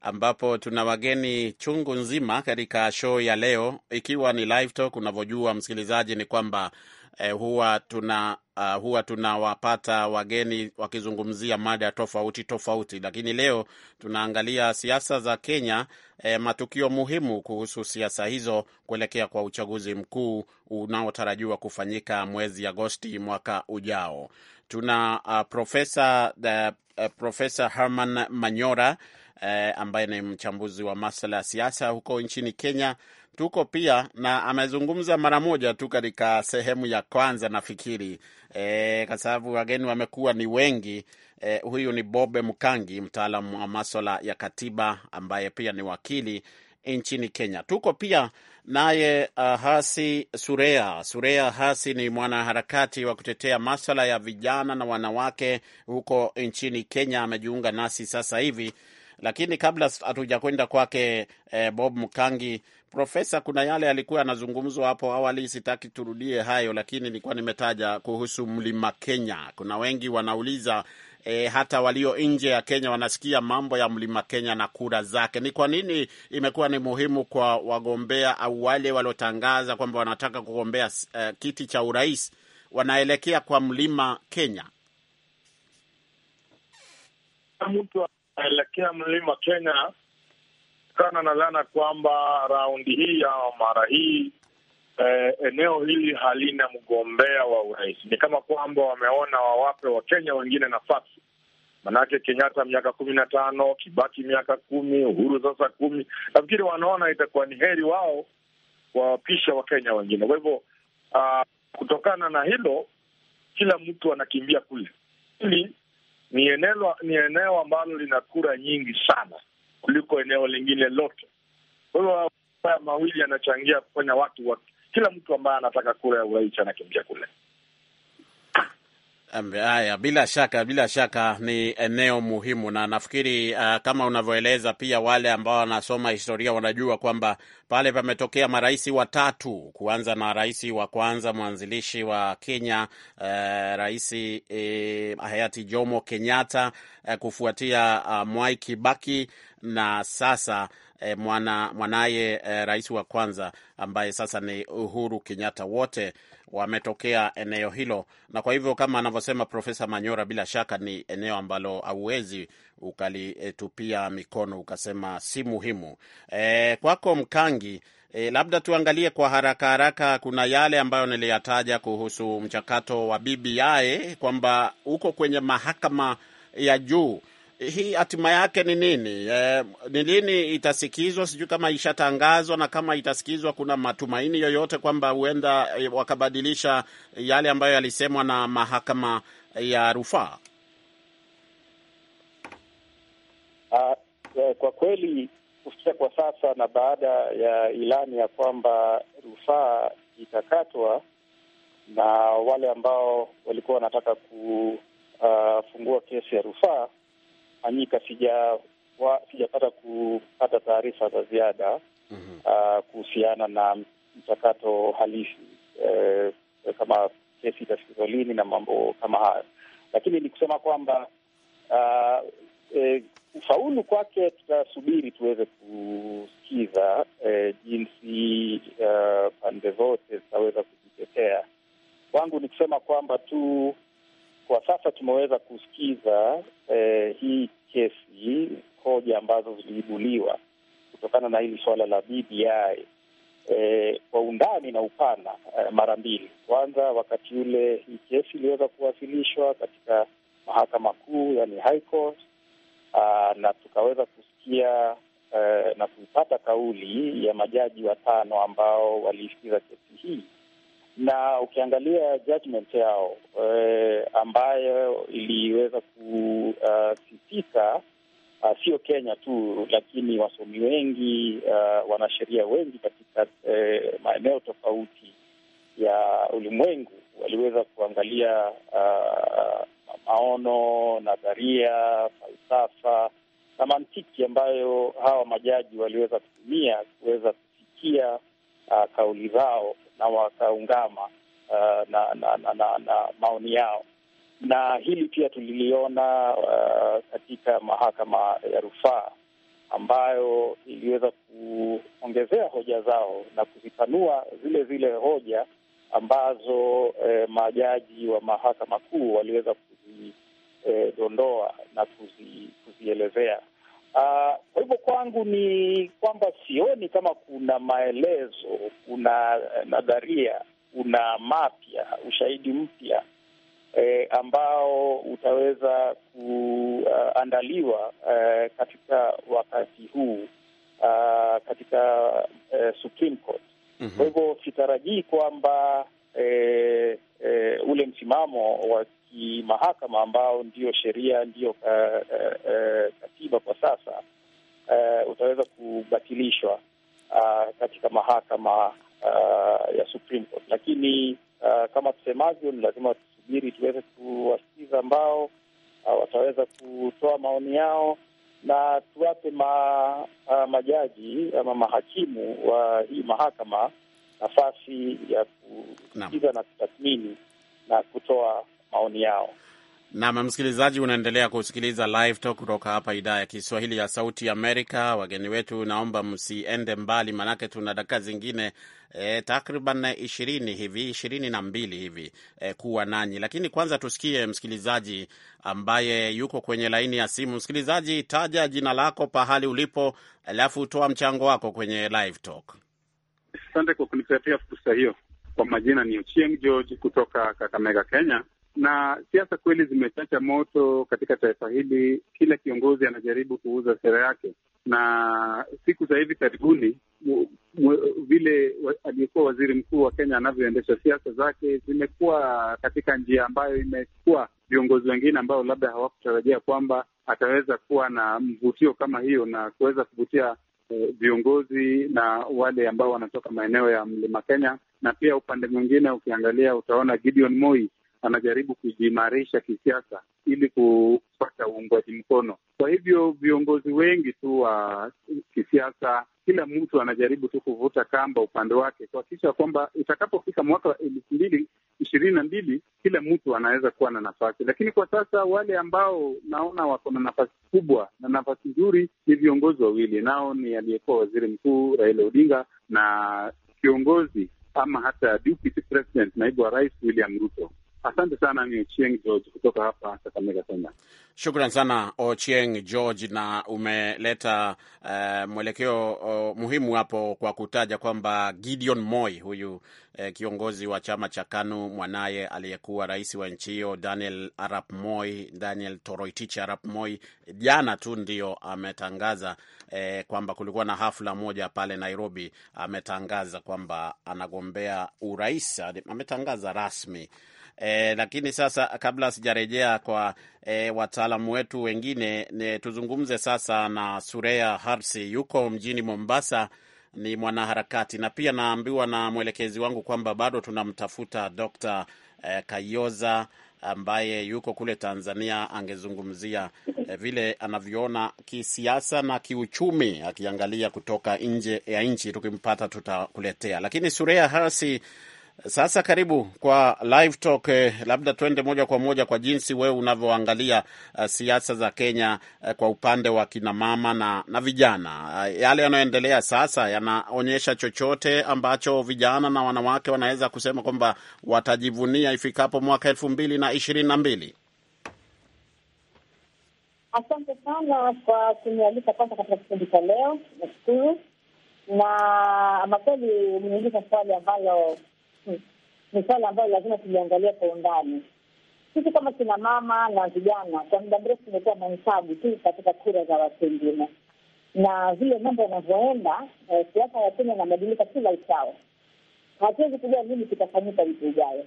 ambapo tuna wageni chungu nzima katika show ya leo, ikiwa ni Live Talk. Unavyojua msikilizaji, ni kwamba eh, huwa tuna uh, huwa tunawapata wageni wakizungumzia mada tofauti tofauti, lakini leo tunaangalia siasa za Kenya, eh, matukio muhimu kuhusu siasa hizo kuelekea kwa uchaguzi mkuu unaotarajiwa kufanyika mwezi Agosti mwaka ujao. Tuna uh, profesa uh, Profesa Herman Manyora eh, ambaye ni mchambuzi wa masuala ya siasa huko nchini Kenya tuko pia na amezungumza mara moja tu katika sehemu ya kwanza nafikiri, e, kwa sababu wageni wamekuwa ni wengi. E, huyu ni Bobe Mkangi, mtaalam wa maswala ya katiba ambaye pia ni wakili nchini Kenya. Tuko pia naye uh, Hasi Surea. Surea Hasi ni mwanaharakati wa kutetea maswala ya vijana na wanawake huko nchini Kenya, amejiunga nasi sasa hivi. Lakini kabla hatuja kwenda kwake eh, Bob Mkangi, Profesa, kuna yale yalikuwa yanazungumzwa hapo awali, sitaki turudie hayo, lakini nilikuwa nimetaja kuhusu mlima Kenya. Kuna wengi wanauliza E, hata walio nje ya Kenya wanasikia mambo ya mlima Kenya na kura zake. Ni kwa nini imekuwa ni muhimu kwa wagombea au wale waliotangaza kwamba wanataka kugombea uh, kiti cha urais wanaelekea kwa mlima Kenya? Mtu anaelekea mlima Kenya kutokana na dhana kwamba raundi hii au mara hii eh, eneo hili halina mgombea wa urais. Ni kama kwamba wameona wawape Wakenya wengine nafasi, manake Kenyatta miaka kumi na tano, Kibaki miaka kumi, Uhuru sasa kumi. Nafikiri wanaona itakuwa ni heri wao wawapisha Wakenya wengine. Kwa hivyo uh, kutokana na hilo kila mtu anakimbia kule. Hili ni ni eneo ambalo lina kura nyingi sana kuliko eneo lingine lote. Kwa hiyo haya mawili yanachangia kufanya watu wa, kila mtu ambaye anataka kura ya urais anakimbia kule. Haya, bila shaka, bila shaka ni eneo muhimu, na nafikiri uh, kama unavyoeleza pia, wale ambao wanasoma historia wanajua kwamba pale pametokea marais watatu, kuanza na rais wa kwanza mwanzilishi wa Kenya, uh, rais uh, hayati Jomo Kenyatta, uh, kufuatia uh, Mwai Kibaki na sasa mwana, mwanaye rais wa kwanza ambaye sasa ni Uhuru Kenyatta. Wote wametokea eneo hilo, na kwa hivyo kama anavyosema Profesa Manyora, bila shaka ni eneo ambalo hauwezi ukalitupia mikono ukasema si muhimu. E, kwako Mkangi. E, labda tuangalie kwa haraka haraka, kuna yale ambayo niliyataja kuhusu mchakato wa BBI kwamba uko kwenye mahakama ya juu hii hatima yake ni nini? E, ni lini itasikizwa? Sijui kama ishatangazwa na kama itasikizwa, kuna matumaini yoyote kwamba huenda eh, wakabadilisha yale ambayo yalisemwa na mahakama eh, ya rufaa? Uh, kwa kweli kufikia kwa sasa na baada ya ilani ya kwamba rufaa itakatwa na wale ambao walikuwa wanataka kufungua ah, uh, kesi ya rufaa yaliyofanyika sija sijapata kupata taarifa za ziada mm -hmm. uh, kuhusiana na mchakato halisi eh, kama kesi itasikizwa lini na mambo kama hayo, lakini ni kusema kwamba uh, eh, ufaulu kwake tutasubiri tuweze kusikiza eh, jinsi uh, pande zote zitaweza kujitetea. Kwangu ni kusema kwamba tu kwa sasa tumeweza kusikiza eh, hii kesi, hoja ambazo ziliibuliwa kutokana na hili suala la BBI eh, kwa undani na upana eh, mara mbili. Kwanza wakati ule hii kesi iliweza kuwasilishwa katika mahakama kuu, yani High Court, ah, na tukaweza kusikia eh, na kuipata kauli ya majaji watano ambao waliisikiza kesi hii na ukiangalia judgment yao eh, ambayo iliweza kusitika eh, uh, eh, uh, sio Kenya tu, lakini wasomi wengi uh, wanasheria wengi katika eh, maeneo tofauti ya ulimwengu waliweza kuangalia uh, maono, nadharia, falsafa na mantiki ambayo hawa majaji waliweza kutumia kuweza kufikia uh, kauli zao na wakaungama uh, eh, na, na, na, na, na maoni yao, na hili pia tuliliona uh, katika mahakama ya rufaa ambayo iliweza kuongezea hoja zao na kuzipanua zile zile hoja ambazo eh, majaji wa mahakama kuu waliweza kuzidondoa eh, na kuzi, kuzielezea Ah, kwa hivyo kwangu ni kwamba sioni kama kuna maelezo, kuna eh, nadharia, kuna mapya, ushahidi mpya e, ambao utaweza kuandaliwa eh, katika wakati huu uh, katika eh, Supreme Court. Mm -hmm. Kwa hivyo sitarajii kwamba e, e, ule msimamo wa kimahakama ambao ndiyo sheria ndiyo uh, eh, uh, eh, eh, katiba kwa sasa uh, utaweza kubatilishwa uh, katika mahakama uh, ya Supreme Court, lakini uh, kama tusemavyo, ni lazima tusubiri tuweze kuwasikiza ambao uh, wataweza kutoa maoni yao na tuwape ma, uh, majaji ama mahakimu wa hii mahakama nafasi ya kusikiza na kutathmini na kutoa maoni yao. Nam msikilizaji, unaendelea kusikiliza Live Talk kutoka hapa idhaa ya Kiswahili ya Sauti Amerika. Wageni wetu, naomba msiende mbali, maanake tuna dakika zingine e, takriban ishirini hivi ishirini na mbili hivi e, kuwa nanyi, lakini kwanza tusikie msikilizaji ambaye yuko kwenye laini ya simu. Msikilizaji, taja jina lako, pahali ulipo, alafu toa mchango wako kwenye Live Talk. Asante kwa kunipatia fursa hiyo. Kwa majina ni Ochieng George kutoka Kakamega, Kenya na siasa kweli zimechacha moto katika taifa hili. Kila kiongozi anajaribu kuuza sera yake, na siku za hivi karibuni vile aliyekuwa waziri mkuu wa Kenya anavyoendesha siasa zake zimekuwa katika njia ambayo imekuwa viongozi wengine ambao labda hawakutarajia kwamba ataweza kuwa na mvutio kama hiyo na kuweza kuvutia eh, viongozi na wale ambao wanatoka maeneo ya mlima Kenya. Na pia upande mwingine ukiangalia, utaona Gideon Moi anajaribu kujiimarisha kisiasa ili kupata uungwaji mkono. Kwa hivyo viongozi wengi tu wa kisiasa, kila mtu anajaribu tu kuvuta kamba upande wake, kuhakikisha kwamba itakapofika mwaka wa elfu mbili ishirini na mbili kila mtu anaweza kuwa na nafasi. Lakini kwa sasa wale ambao naona wako na nafasi kubwa na nafasi nzuri ni viongozi wawili, nao ni aliyekuwa waziri mkuu Raila Odinga na kiongozi ama hata deputy president, naibu wa rais William Ruto. Asante sana, ni Ochieng George kutoka hapa Kakamega, Kenya. Shukran sana Ochieng George, na umeleta uh, mwelekeo uh, muhimu hapo kwa kutaja kwamba Gideon Moi huyu uh, kiongozi wa chama cha KANU, mwanaye aliyekuwa rais wa nchi hiyo Daniel Arap Moi, Daniel Toroitich Arap Moi, jana tu ndio ametangaza uh, kwamba kulikuwa na hafla moja pale Nairobi, ametangaza kwamba anagombea urais, ametangaza rasmi e, lakini sasa kabla sijarejea kwa e, wataalamu wetu wengine ne, tuzungumze sasa na Surea Harsi, yuko mjini Mombasa, ni mwanaharakati na pia naambiwa na mwelekezi wangu kwamba bado tunamtafuta Dr. Eh, Kayoza ambaye yuko kule Tanzania angezungumzia vile anavyoona kisiasa na kiuchumi, akiangalia kutoka nje ya nchi. Tukimpata tutakuletea. Lakini Surea harsi sasa karibu kwa live talk eh, labda tuende moja kwa moja kwa jinsi wewe unavyoangalia uh, siasa za Kenya uh, kwa upande wa kinamama na, na vijana uh, yale yanayoendelea sasa yanaonyesha chochote ambacho vijana na wanawake wanaweza kusema kwamba watajivunia ifikapo mwaka elfu mbili na ishirini na mbili. Asante sana kwa kunialika kwanza katika kipindi cha leo, nashukuru na makweli umeingiza swali ambalo ni swala ambayo lazima tuliangalia kwa undani. Sisi kama kina mama na vijana, kwa muda mrefu tumekuwa mahesabu tu katika kura za watu wengine, na vile mambo yanavyoenda, eh, siasa ya Kenya inabadilika kila uchao. Hatuwezi kujua nini kitafanyika wiki ijayo,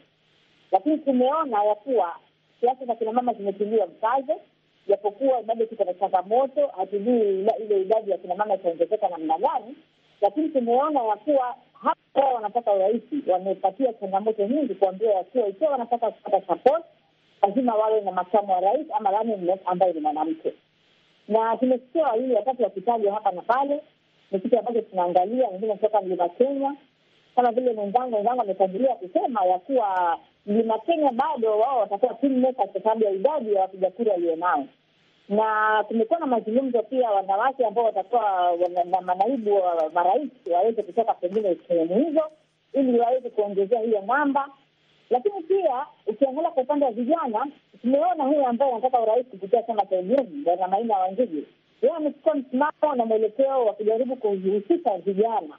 lakini tumeona ya kuwa siasa za kinamama zimetiliwa mkazo, japokuwa bado tuko na changamoto. Hatujui ile idadi ya kinamama itaongezeka namna gani, lakini tumeona ya kuwa hao wanataka urais, wamepatia changamoto nyingi kuambia ya kuwa ikiwa wanataka kupata support lazima wawe na makamu wa rais ama running ambaye ni mwanamke, na tumesikia wawili wakati wakitajwa hapa na pale. Ni kitu ambacho tunaangalia, wengine kutoka mlima Kenya kama vile mwenzangu mwenzangu ametangulia kusema ya kuwa mlima Kenya bado wao watakuwa kwa sababu ya idadi ya wapiga kura walionao na kumekuwa na mazungumzo pia, wanawake ambao watakuwa na manaibu wa marais waweze kutoka pengine sehemu hizo, ili waweze kuongezea hiyo namba. Lakini pia ukiangalia kwa upande wa vijana, tumeona huyu ambaye anataka urais kupitia chama cha UDM, Bwana Maina Wanjigi, yeye amechukua msimamo na mwelekeo wa kujaribu kuhusisha vijana,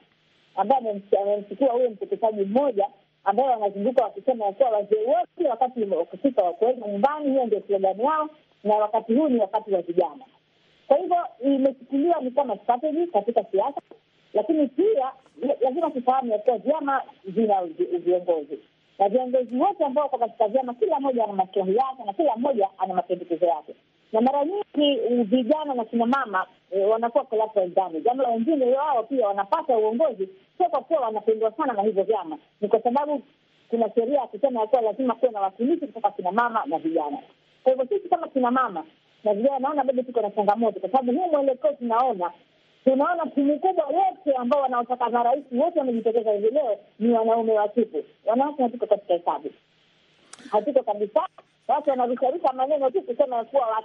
ambaye amemchukua huyo mtekesaji mmoja ambaye wanazunguka wakisema ya kuwa wazee wote wakati kufika wakuweza nyumbani. Hiyo ndio slogani yao na wakati huu ni wakati wa vijana. Kwa hivyo imechukuliwa ni kama strategy katika siasa, lakini pia lazima tufahamu ya kuwa vyama vina viongozi na viongozi wote ambao wako katika vyama, kila mmoja ana maslahi yake na kila mmoja ana mapendekezo yake, na mara nyingi mm, vijana na kina mama e, wanakuwa kolapso wenzani. Jambo la wengine wao pia wanapata uongozi, sio kwa kuwa wanapendwa sana na hivyo vyama, ni kwa sababu kuna sheria ya kusema ya kuwa lazima kuwe na wakilishi kutoka kina mama na vijana. Kwa hivyo sisi kama kina mama na vijana, naona bado tuko na changamoto, kwa sababu huu mwelekeo tunaona tunaona timu kubwa wote ambao wanaotaka marais wote wamejitokeza hivi leo ni wanaume watupu. Wanawake hatuko katika hesabu, hatuko kabisa. Watu wanarusharusha maneno tu kusema kuwa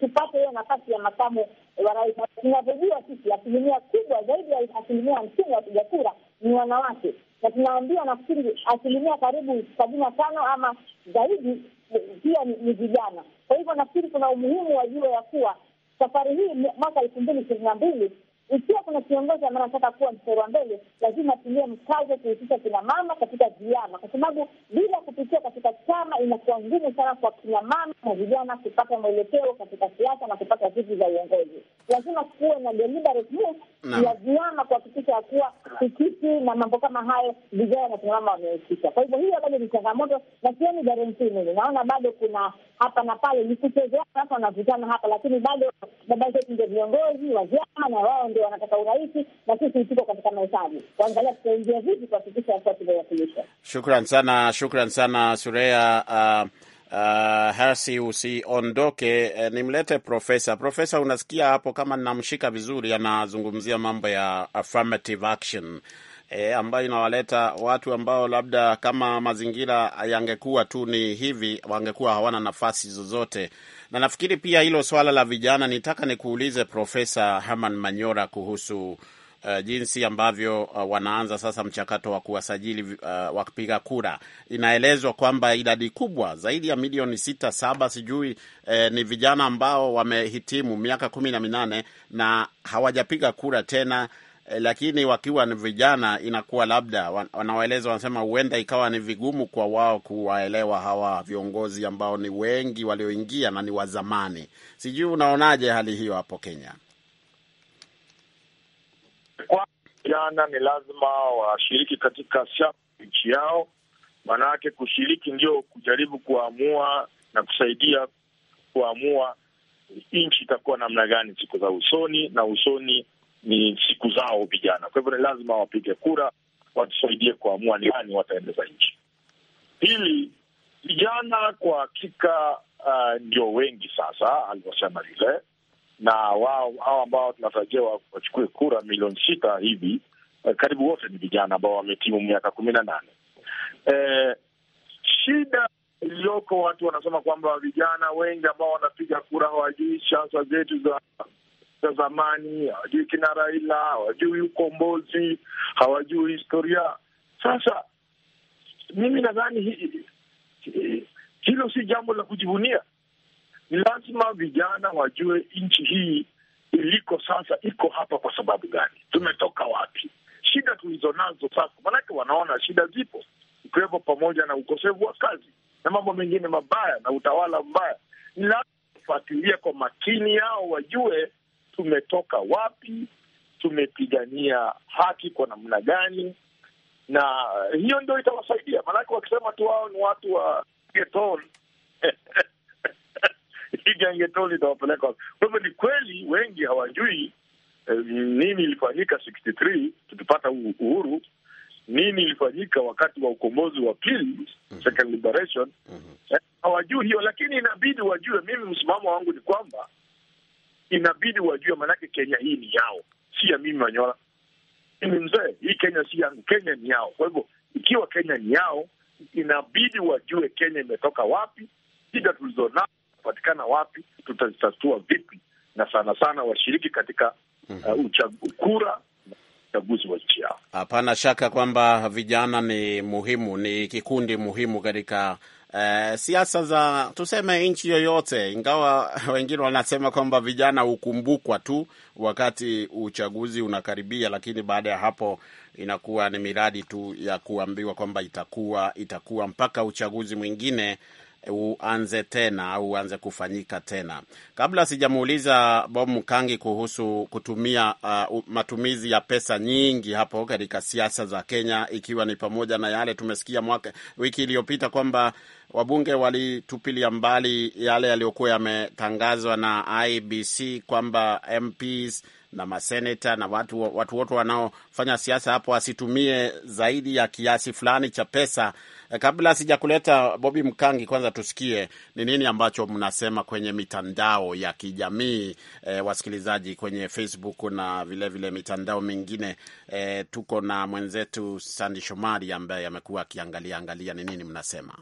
tupate hiyo nafasi ya makamu wa rais. Tunavyojua sisi, asilimia kubwa zaidi ya asilimia hamsini ya wapiga kura ni wanawake, na tunaambiwa nafikiri asilimia karibu sabini na tano ama zaidi pia ni vijana. Kwa hivyo nafikiri kuna umuhimu wa jua ya kuwa safari hii mwaka elfu mbili ishirini na mbili ikiwa kuna kiongozi ambaye anataka kuwa mstari wa mbele, lazima atumie mkazo kuhusisha kina mama katika vyama, kwa sababu bila kupitia katika chama inakuwa ngumu sana kwa kina mama na vijana kupata mwelekeo katika siasa na kupata viti za uongozi. Lazima kuwe na deliberate move ya vyama kuhakikisha ya kuwa tikiti na mambo kama hayo, vijana na kina mama wamehusisha. Kwa hivyo hiyo bado ni changamoto, na sioni garanti. Mimi naona bado kuna hapa na pale ni kuchezea, sasa wanavutana hapa, lakini bado baba zetu ndio viongozi wa vyama na wao ndio wanataka urahisi, na sisi tuko katika mahitaji kuangalia tutaingia vipi kuhakikisha ya kuwa tumewakilishwa. Shukran sana, shukran sana Sureya. Uh, uh, Hersi, usiondoke, uh, nimlete profesa. Profesa, unasikia hapo, kama ninamshika vizuri, anazungumzia mambo ya affirmative action E, ambayo inawaleta watu ambao labda kama mazingira yangekuwa tu ni hivi wangekuwa hawana nafasi zozote na nafikiri pia hilo swala la vijana, nitaka nikuulize Profesa Herman Manyora kuhusu uh, jinsi ambavyo uh, wanaanza sasa mchakato wa kuwasajili uh, wapiga kura. Inaelezwa kwamba idadi kubwa zaidi ya milioni sita saba sijui eh, ni vijana ambao wamehitimu miaka kumi na minane na hawajapiga kura tena Eh, lakini wakiwa ni vijana inakuwa labda wanawaeleza, wanasema huenda ikawa ni vigumu kwa wao kuwaelewa hawa viongozi ambao ni wengi walioingia na ni wa zamani. Sijui unaonaje hali hiyo hapo Kenya? Kwa vijana ni lazima washiriki katika siasa nchi yao, maanake kushiriki ndio kujaribu kuamua na kusaidia kuamua nchi itakuwa namna gani siku za usoni na usoni ni siku zao vijana. Kwa hivyo ni lazima wapige kura, watusaidie kuamua ni nani wataendeza nchi. Pili, vijana kwa hakika uh, ndio wengi sasa alivyosema lile na wao hao ambao tunatarajia wachukue kura milioni sita hivi, eh, karibu wote ni vijana ambao wametimu miaka kumi na nane. Eh, shida iliyoko watu wanasema kwamba vijana wengi ambao wanapiga kura hawajui siasa zetu za za zamani, hawajui kina Raila, hawajui ukombozi, hawajui historia. Sasa mimi nadhani hilo si jambo la kujivunia. Ni lazima vijana wajue nchi hii iliko sasa iko hapa kwa sababu gani, tumetoka wapi, shida tulizo nazo sasa, maanake wanaona shida zipo, ikiwepo pamoja na ukosefu wa kazi na mambo mengine mabaya na utawala mbaya. Ni lazima kufuatilia kwa makini yao, wajue tumetoka wapi, tumepigania haki kwa namna gani, na hiyo ndio itawasaidia. Maanake wakisema tu wao ni watu wa getol getol itawapeleka wapi? Kwa hivyo ni kweli wengi hawajui eh, nini ilifanyika 63 tukipata uhuru, nini ilifanyika wakati wa ukombozi wa pili, mhm. second liberation mhm. eh, hawajui hiyo, lakini inabidi wajue. Mimi msimamo wangu ni kwamba inabidi wajue, maanake Kenya hii ni yao, si ya mimi Wanyola. ni mzee, hii Kenya si yangu, Kenya ni yao. Kwa hivyo ikiwa Kenya ni yao, inabidi wajue Kenya imetoka wapi, shida tulizonao patikana wapi, tutazitatua vipi, na sana sana washiriki katika mhm. uh, kura Hapana shaka kwamba vijana ni muhimu, ni kikundi muhimu katika Eh, siasa za tuseme nchi yoyote, ingawa wengine wanasema kwamba vijana hukumbukwa tu wakati uchaguzi unakaribia, lakini baada ya hapo inakuwa ni miradi tu ya kuambiwa kwamba itakuwa itakuwa mpaka uchaguzi mwingine uanze tena au uanze kufanyika tena. Kabla sijamuuliza Bob Mkangi kuhusu kutumia uh, matumizi ya pesa nyingi hapo katika siasa za Kenya, ikiwa ni pamoja na yale tumesikia mwaka wiki iliyopita kwamba wabunge walitupilia mbali yale yaliyokuwa yametangazwa na IBC kwamba MPs na maseneta na watu watu wote wanaofanya siasa hapo wasitumie zaidi ya kiasi fulani cha pesa. Eh, kabla sijakuleta Bobi Mkangi, kwanza tusikie ni nini ambacho mnasema kwenye mitandao ya kijamii e, wasikilizaji kwenye Facebook na vilevile vile mitandao mingine e, tuko na mwenzetu Sandi Shomari ambaye amekuwa akiangalia angalia ni nini mnasema.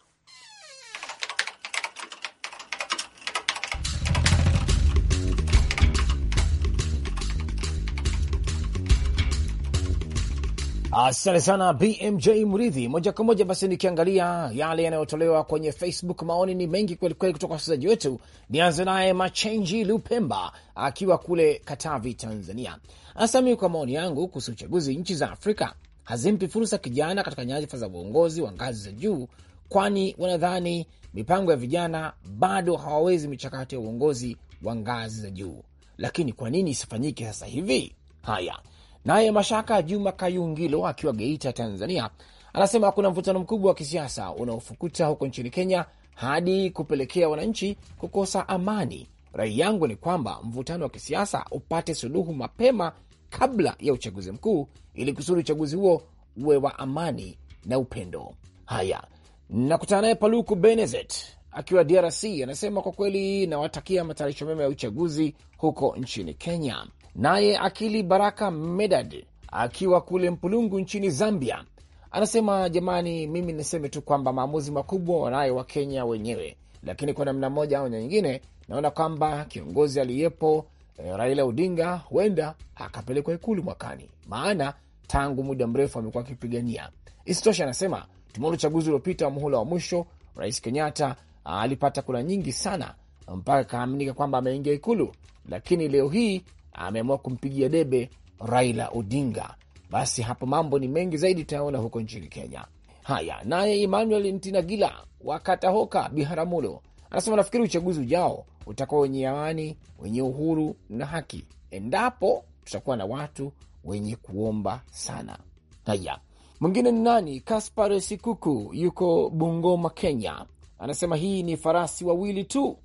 Asante sana BMJ Mridhi. Moja kwa moja basi, nikiangalia yale yanayotolewa kwenye Facebook, maoni ni mengi kwelikweli kutoka wasikilizaji wetu. Nianze naye Machenji Lupemba akiwa kule Katavi, Tanzania. Asami, kwa maoni yangu kuhusu uchaguzi, nchi za Afrika hazimpi fursa kijana katika nyadhifa za uongozi wa ngazi za juu, kwani wanadhani mipango ya vijana bado hawawezi michakato ya uongozi wa ngazi za juu. Lakini kwa nini isifanyike sasa hivi? Haya, Naye Mashaka Juma Kayungilo akiwa Geita, Tanzania, anasema kuna mvutano mkubwa wa kisiasa unaofukuta huko nchini Kenya hadi kupelekea wananchi kukosa amani. Rai yangu ni kwamba mvutano wa kisiasa upate suluhu mapema kabla ya uchaguzi mkuu, ili kusudi uchaguzi huo uwe wa amani na upendo. Haya, nakutana naye Paluku Benezet akiwa DRC, anasema kwa kweli nawatakia matayarisho mema ya uchaguzi huko nchini Kenya. Naye Akili Baraka Medad akiwa kule Mpulungu nchini Zambia anasema jamani, mimi niseme tu kwamba maamuzi makubwa wanayo Wakenya wenyewe, lakini kwa namna moja au nyingine naona kwamba kiongozi aliyepo e, Raila Odinga huenda akapelekwa Ikulu mwakani, maana tangu muda mrefu amekuwa akipigania. Isitoshe, anasema tumeona uchaguzi uliopita wa muhula wa mwisho, Rais Kenyatta ah, alipata kura nyingi sana mpaka akaaminika kwamba ameingia Ikulu, lakini leo hii ameamua kumpigia debe Raila Odinga. Basi hapo mambo ni mengi zaidi tutayaona huko nchini Kenya. Haya, naye Emmanuel Ntinagila wa Katahoka, Biharamulo, anasema nafikiri uchaguzi ujao utakuwa wenye amani, wenye uhuru na haki, endapo tutakuwa na watu wenye kuomba sana. Haya, mwingine ni nani? Kaspar Sikuku yuko Bungoma, Kenya, anasema hii ni farasi wawili tu,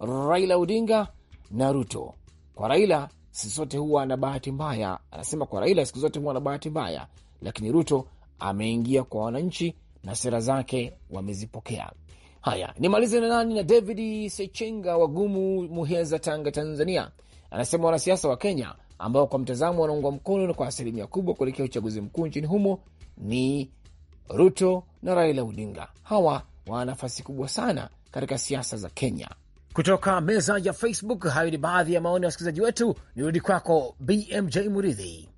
Raila Odinga na Ruto. Kwa Raila siku zote huwa na bahati mbaya, anasema kwa Raila siku zote huwa na bahati mbaya, lakini Ruto ameingia kwa wananchi na sera zake wamezipokea. Haya, nimalize na nani na David Sechenga wagumu Muheza, Tanga, Tanzania, anasema wanasiasa wa Kenya ambao kwa mtazamo wanaungwa mkono na kwa asilimia kubwa kuelekea uchaguzi mkuu nchini humo ni Ruto na Raila Odinga. Hawa wana nafasi kubwa sana katika siasa za Kenya kutoka meza ya Facebook. Hayo ni baadhi ya maoni ya wasikilizaji wetu. Nirudi kwako BMJ Muridhi.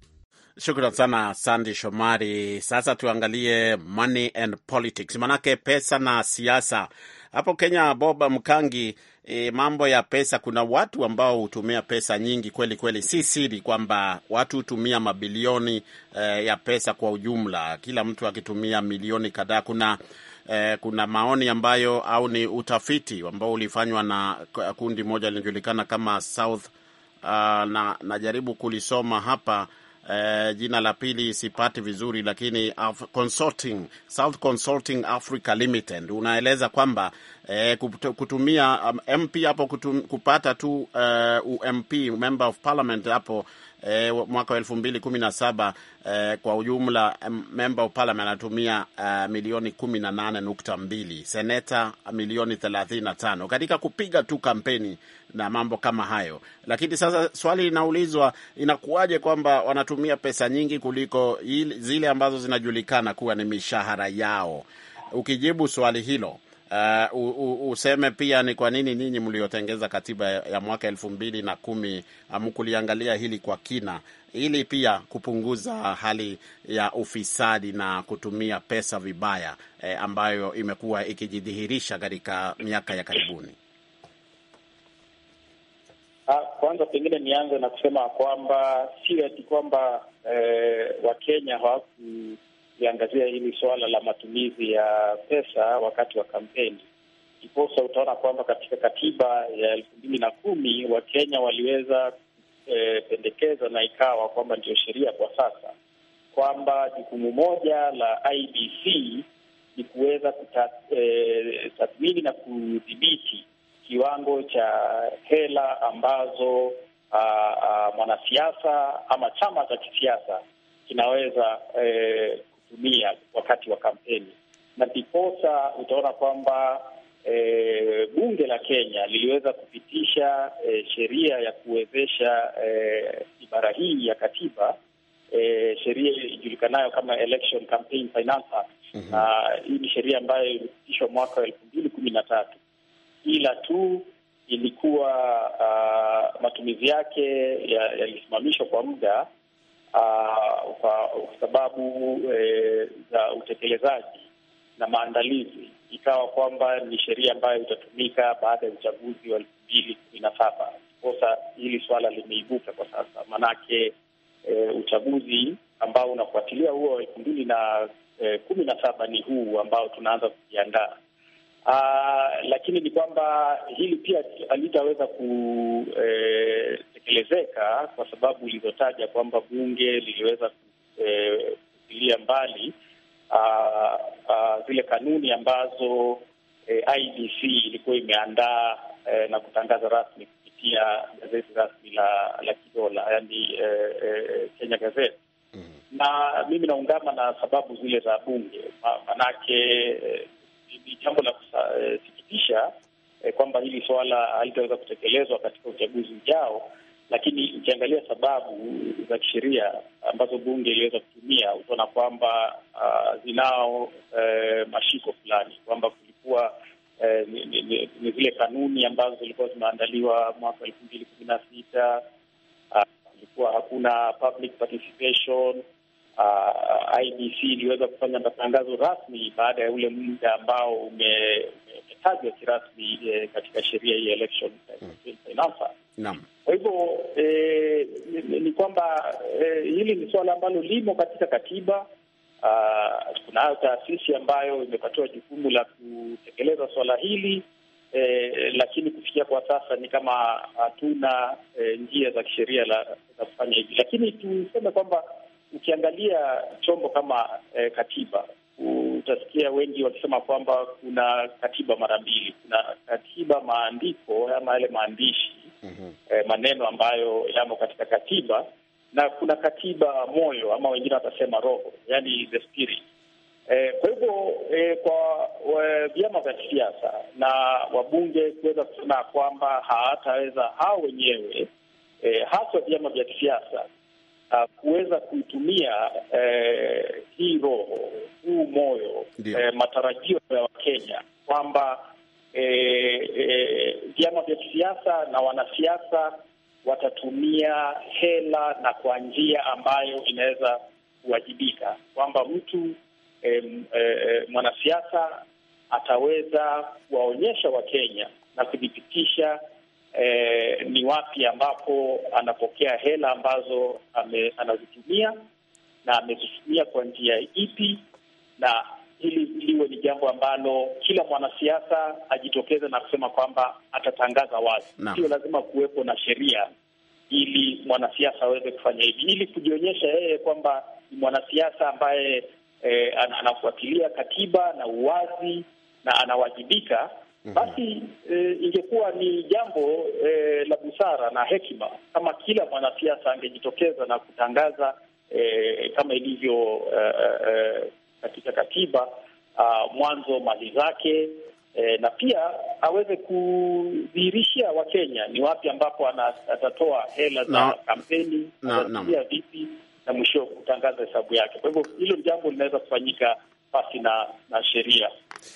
Shukran sana Sandi Shomari. Sasa tuangalie money and politics, manake pesa na siasa hapo Kenya. Bob Mkangi, e, mambo ya pesa, kuna watu ambao hutumia pesa nyingi kweli kweli. Si siri kwamba watu hutumia mabilioni e, ya pesa kwa ujumla, kila mtu akitumia milioni kadhaa. Kuna eh, kuna maoni ambayo au ni utafiti ambao ulifanywa na kundi moja linajulikana kama South uh, na najaribu kulisoma hapa eh, jina la pili sipati vizuri, lakini Af Consulting, South Consulting Africa Limited unaeleza kwamba eh, kutumia um, MP hapo kutum, kupata tu uh, eh, UMP member of parliament hapo e, mwaka wa elfu mbili kumi na saba e, kwa ujumla memba wa parliament anatumia uh, milioni kumi na nane nukta mbili seneta milioni thelathini na tano katika kupiga tu kampeni na mambo kama hayo. Lakini sasa swali linaulizwa, inakuwaje kwamba wanatumia pesa nyingi kuliko zile ambazo zinajulikana kuwa ni mishahara yao? Ukijibu swali hilo uh, useme pia ni kwa nini nyinyi mliotengeza katiba ya mwaka elfu mbili na kumi uh, mkuliangalia hili kwa kina, ili pia kupunguza hali ya ufisadi na kutumia pesa vibaya eh, ambayo imekuwa ikijidhihirisha katika miaka ya karibuni. Ah, kwanza pengine nianze na kusema kwamba si ati kwamba eh, Wakenya hawaku liangazia hili suala la matumizi ya pesa wakati wa kampeni. Kiposa utaona kwamba katika katiba ya elfu mbili na kumi Wakenya waliweza e, pendekeza na ikawa kwamba ndio sheria kwa sasa kwamba jukumu moja la IBC ni kuweza kutathmini eh, e, na kudhibiti kiwango cha hela ambazo a, ah, a, ah, mwanasiasa ama chama cha kisiasa kinaweza e, kutumia wakati wa kampeni, na ndiposa utaona kwamba e, bunge la Kenya liliweza kupitisha e, sheria ya kuwezesha e, ibara hii ya katiba e, sheria ijulikanayo kama Election Campaign Finance Act mhm. na mm -hmm. Hii ni sheria ambayo ilipitishwa mwaka wa elfu mbili kumi na tatu ila tu ilikuwa uh, matumizi yake yalisimamishwa ya kwa muda uh, kwa sababu eh, za utekelezaji na maandalizi, ikawa kwamba ni sheria ambayo itatumika baada ya uchaguzi wa elfu mbili kumi na saba. Kosa hili swala limeibuka kwa sasa, maanake eh, uchaguzi ambao unafuatilia huo wa elfu mbili na eh, kumi na saba ni huu ambao tunaanza kujiandaa Uh, lakini ni kwamba hili pia halitaweza kutekelezeka eh, kwa sababu ulizotaja kwamba bunge liliweza eh, kutilia eh, mbali uh, uh, zile kanuni ambazo eh, IDC ilikuwa imeandaa eh, na kutangaza rasmi kupitia gazeti rasmi la la kidola yani eh, eh, Kenya Gazette mm -hmm. Na mimi naungana na sababu zile za bunge manake eh, ni jambo la kusikitisha eh, eh, kwamba hili swala halitaweza kutekelezwa katika uchaguzi ujao, lakini ikiangalia sababu za kisheria ambazo bunge iliweza kutumia, utaona kwamba uh, zinao eh, mashiko fulani kwamba kulikuwa eh, ni, ni, ni, ni zile kanuni ambazo zilikuwa zimeandaliwa mwaka elfu mbili kumi na sita ah, kulikuwa hakuna public participation uh, IBC iliweza kufanya matangazo rasmi baada ya ule muda ambao umetajwa kirasmi eh, katika sheria hii election hmm. inafa Naam. Kwa hivyo eh, ni, ni kwamba eh, hili ni suala ambalo limo katika katiba. Uh, kunayo taasisi ambayo imepatiwa jukumu la kutekeleza swala hili eh, lakini kufikia kwa sasa ni kama hatuna eh, njia za kisheria za kufanya hivi, lakini tuseme kwamba ukiangalia chombo kama eh, katiba utasikia wengi wakisema kwamba kuna katiba mara mbili. Kuna katiba maandiko ama yale maandishi mm -hmm. eh, maneno ambayo yamo katika katiba na kuna katiba moyo ama wengine watasema roho, yani the spirit. Eh, kwa hivyo eh, kwa vyama vya kisiasa na wabunge kuweza kusema kwamba hawataweza hao wenyewe eh, haswa vyama vya kisiasa uh, kuweza kuitumia uh, hii roho huu moyo uh, matarajio ya Wakenya kwamba vyama uh, uh, vya kisiasa na wanasiasa watatumia hela na kwa njia ambayo inaweza kuwajibika, kwamba mtu e, e, mwanasiasa ataweza kuwaonyesha Wakenya na kuthibitisha eh, ni wapi ambapo anapokea hela ambazo ame, anazitumia na amezitumia kwa njia ipi, na hili liwe ni jambo ambalo kila mwanasiasa ajitokeze na kusema kwamba atatangaza wazi. Sio lazima kuwepo na sheria ili mwanasiasa aweze kufanya hivi, ili kujionyesha yeye kwamba ni mwanasiasa ambaye eh, anafuatilia katiba na uwazi na anawajibika. Mhm. basi e, ingekuwa ni jambo e, la busara na hekima kama kila mwanasiasa angejitokeza na kutangaza e, kama ilivyo e, e, katika katiba a, ah, mwanzo mali zake e, na pia aweze kudhihirishia Wakenya ni wapi ambapo atatoa hela za no. kampeni no, no. vipi na mwisho kutangaza hesabu yake. Kwa hivyo hilo jambo linaweza kufanyika pasi na, na sheria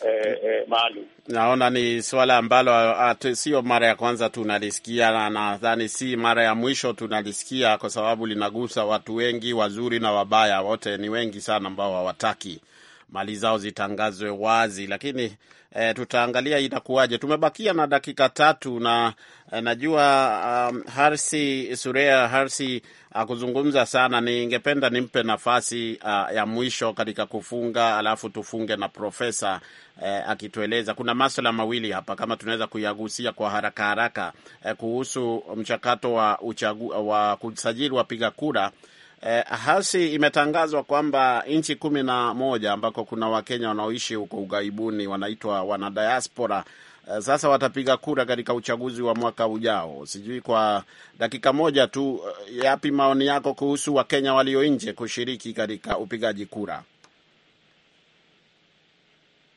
eh, eh, maalum. Naona ni suala ambalo ah, sio mara ya kwanza tunalisikia, na nadhani si mara ya mwisho tunalisikia, kwa sababu linagusa watu wengi, wazuri na wabaya, wote ni wengi sana ambao hawataki mali zao zitangazwe wazi, lakini e, tutaangalia itakuwaje. Tumebakia na dakika tatu na e, najua um, Harsi Surea Harsi akuzungumza ah, sana, ningependa nimpe nafasi uh, ya mwisho katika kufunga, alafu tufunge na profesa eh, akitueleza kuna maswala mawili hapa kama tunaweza kuyagusia kwa haraka haraka eh, kuhusu mchakato wa, uchagu, wa kusajili wapiga kura Eh, hasi imetangazwa kwamba nchi kumi na moja ambako kuna Wakenya wanaoishi huko ughaibuni wanaitwa wanadiaspora eh, sasa watapiga kura katika uchaguzi wa mwaka ujao. Sijui kwa dakika moja tu, eh, yapi maoni yako kuhusu Wakenya walio nje kushiriki katika upigaji kura?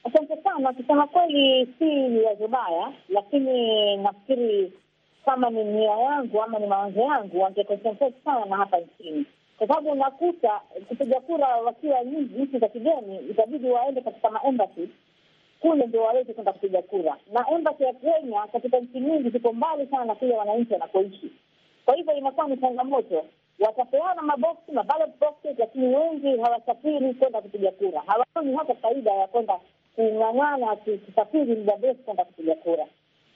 Asante sana. Kusema kweli, si wazo baya, lakini nafikiri kama ni nia yangu ama ni mawazo yangu, wangekonsentrate sana hapa nchini kwa sababu unakuta kupiga kura wakiwa nchi za kigeni, itabidi waende katika maembasi kule ndio waweze kwenda kupiga kura, na embasi ya Kenya katika nchi nyingi ziko mbali sana na kule wananchi wanakoishi. Kwa hivyo inakuwa ni changamoto, watapeana maboksi na ballot boxes, lakini wengi hawasafiri kwenda kupiga kura, hawaoni hata faida ya kwenda kung'ang'ana kusafiri muda mrefu kwenda kupiga kura.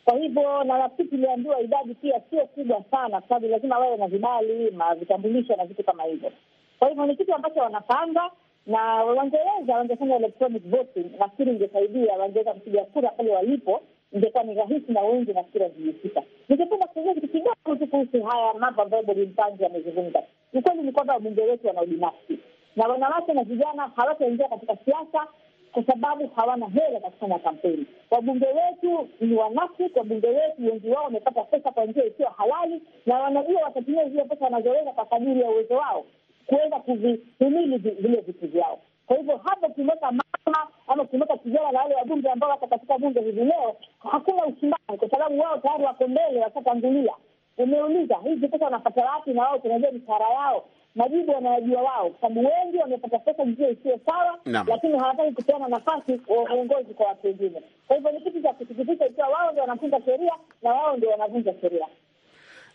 Kwa hivyo na rafiki tuliambiwa idadi pia sio kubwa sana, kwa sababu lazima wawe na vibali, vitambulisho na vitu kama hivyo. Kwa hivyo ni kitu ambacho wanapanga na wangeweza, wangefanya electronic voting, nafikiri ingesaidia, wangeweza kupiga kura pale walipo, ingekuwa ni rahisi na wengi nafikiri wangehusika. Ningependa kuongea kitu kidogo tu kuhusu haya mambo ambayo Bodi Mpanzi amezungumza. Ukweli ni kwamba wabunge wetu wana ubinafsi na wanawake na vijana hawataingia katika siasa kwa sababu hawana hela za kufanya kampeni. Wabunge wetu ni wanafiki. Wabunge wetu wengi wao wamepata pesa kwa njia isiyo halali, na wanajua watatumia zile pesa wanazoweza kwa kadiri ya uwezo wao kuweza kuvihimili vile vitu vyao. Kwa hivyo hapo ukimweka mama ama ukimweka kijana na wale wabunge ambao wako katika bunge hivi leo, hakuna ushindani, kwa sababu wao tayari wako mbele, washatangulia. Umeuliza hizi pesa wanapata wapi? Na wao tunajua mishahara yao majibu wanayajua wao, kwa sababu wengi wamepata pesa njia isiyo sawa, lakini hawataki kupeana nafasi wa uongozi kwa watu wengine. Kwa hivyo ni kitu cha kusikitisha, ikiwa wao ndio wanatunga sheria na wao ndio wanavunja sheria.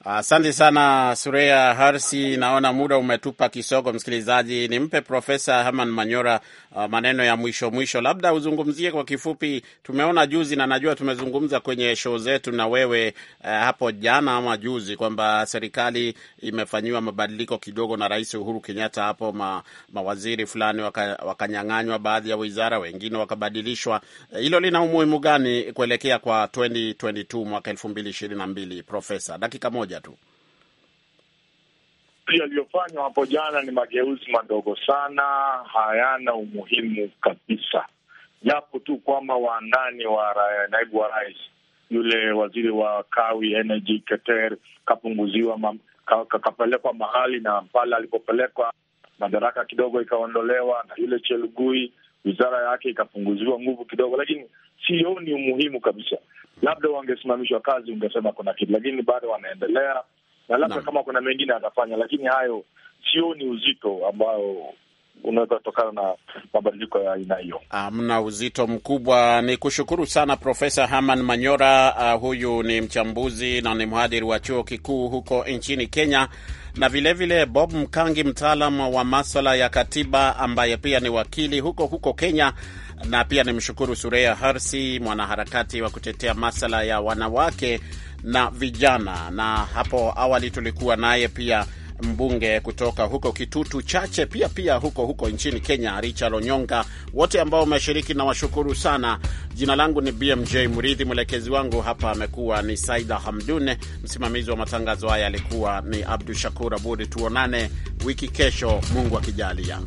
Asante uh, sana Surea Harsi. Naona muda umetupa kisogo, msikilizaji. Nimpe Profesa Herman Manyora uh, maneno ya mwisho mwisho, labda uzungumzie kwa kifupi. Tumeona juzi na najua tumezungumza kwenye show zetu na wewe uh, hapo jana ama juzi kwamba serikali imefanyiwa mabadiliko kidogo na Rais Uhuru Kenyatta. Hapo ma, mawaziri fulani wakanyang'anywa waka baadhi ya wizara, wengine wakabadilishwa. Hilo lina umuhimu gani kuelekea kwa 2022 mwaka 2022? Profesa, dakika moja moja tu. Yaliyofanywa hapo jana ni mageuzi madogo sana, hayana umuhimu kabisa, japo tu kwamba wandani wa naibu wa rais yule waziri wa kawi energy Keter kapunguziwa ka, kakapelekwa mahali na pale alipopelekwa madaraka kidogo ikaondolewa, na yule Chelugui wizara yake ikapunguziwa nguvu kidogo, lakini sioni umuhimu kabisa. Labda wangesimamishwa kazi, ungesema kuna kitu, lakini bado wanaendelea na labda kama kuna mengine atafanya, lakini hayo sioni uzito ambao unaweza kutokana na mabadiliko ya aina hiyo. amna uzito mkubwa. Ni kushukuru sana Profesa Haman Manyora. Uh, huyu ni mchambuzi na ni mhadiri wa chuo kikuu huko nchini Kenya na vilevile vile Bob Mkangi, mtaalam wa maswala ya katiba ambaye pia ni wakili huko huko Kenya, na pia ni mshukuru Sureya Harsi, mwanaharakati wa kutetea maswala ya wanawake na vijana, na hapo awali tulikuwa naye pia mbunge kutoka huko Kitutu Chache, pia pia huko huko nchini Kenya, Richard Onyonga, wote ambao wameshiriki na washukuru sana. Jina langu ni BMJ Murithi, mwelekezi wangu hapa amekuwa ni Saida hamdun msimamizi wa matangazo haya alikuwa ni Abdu Shakur Abud. Tuonane wiki kesho, Mungu akijalia.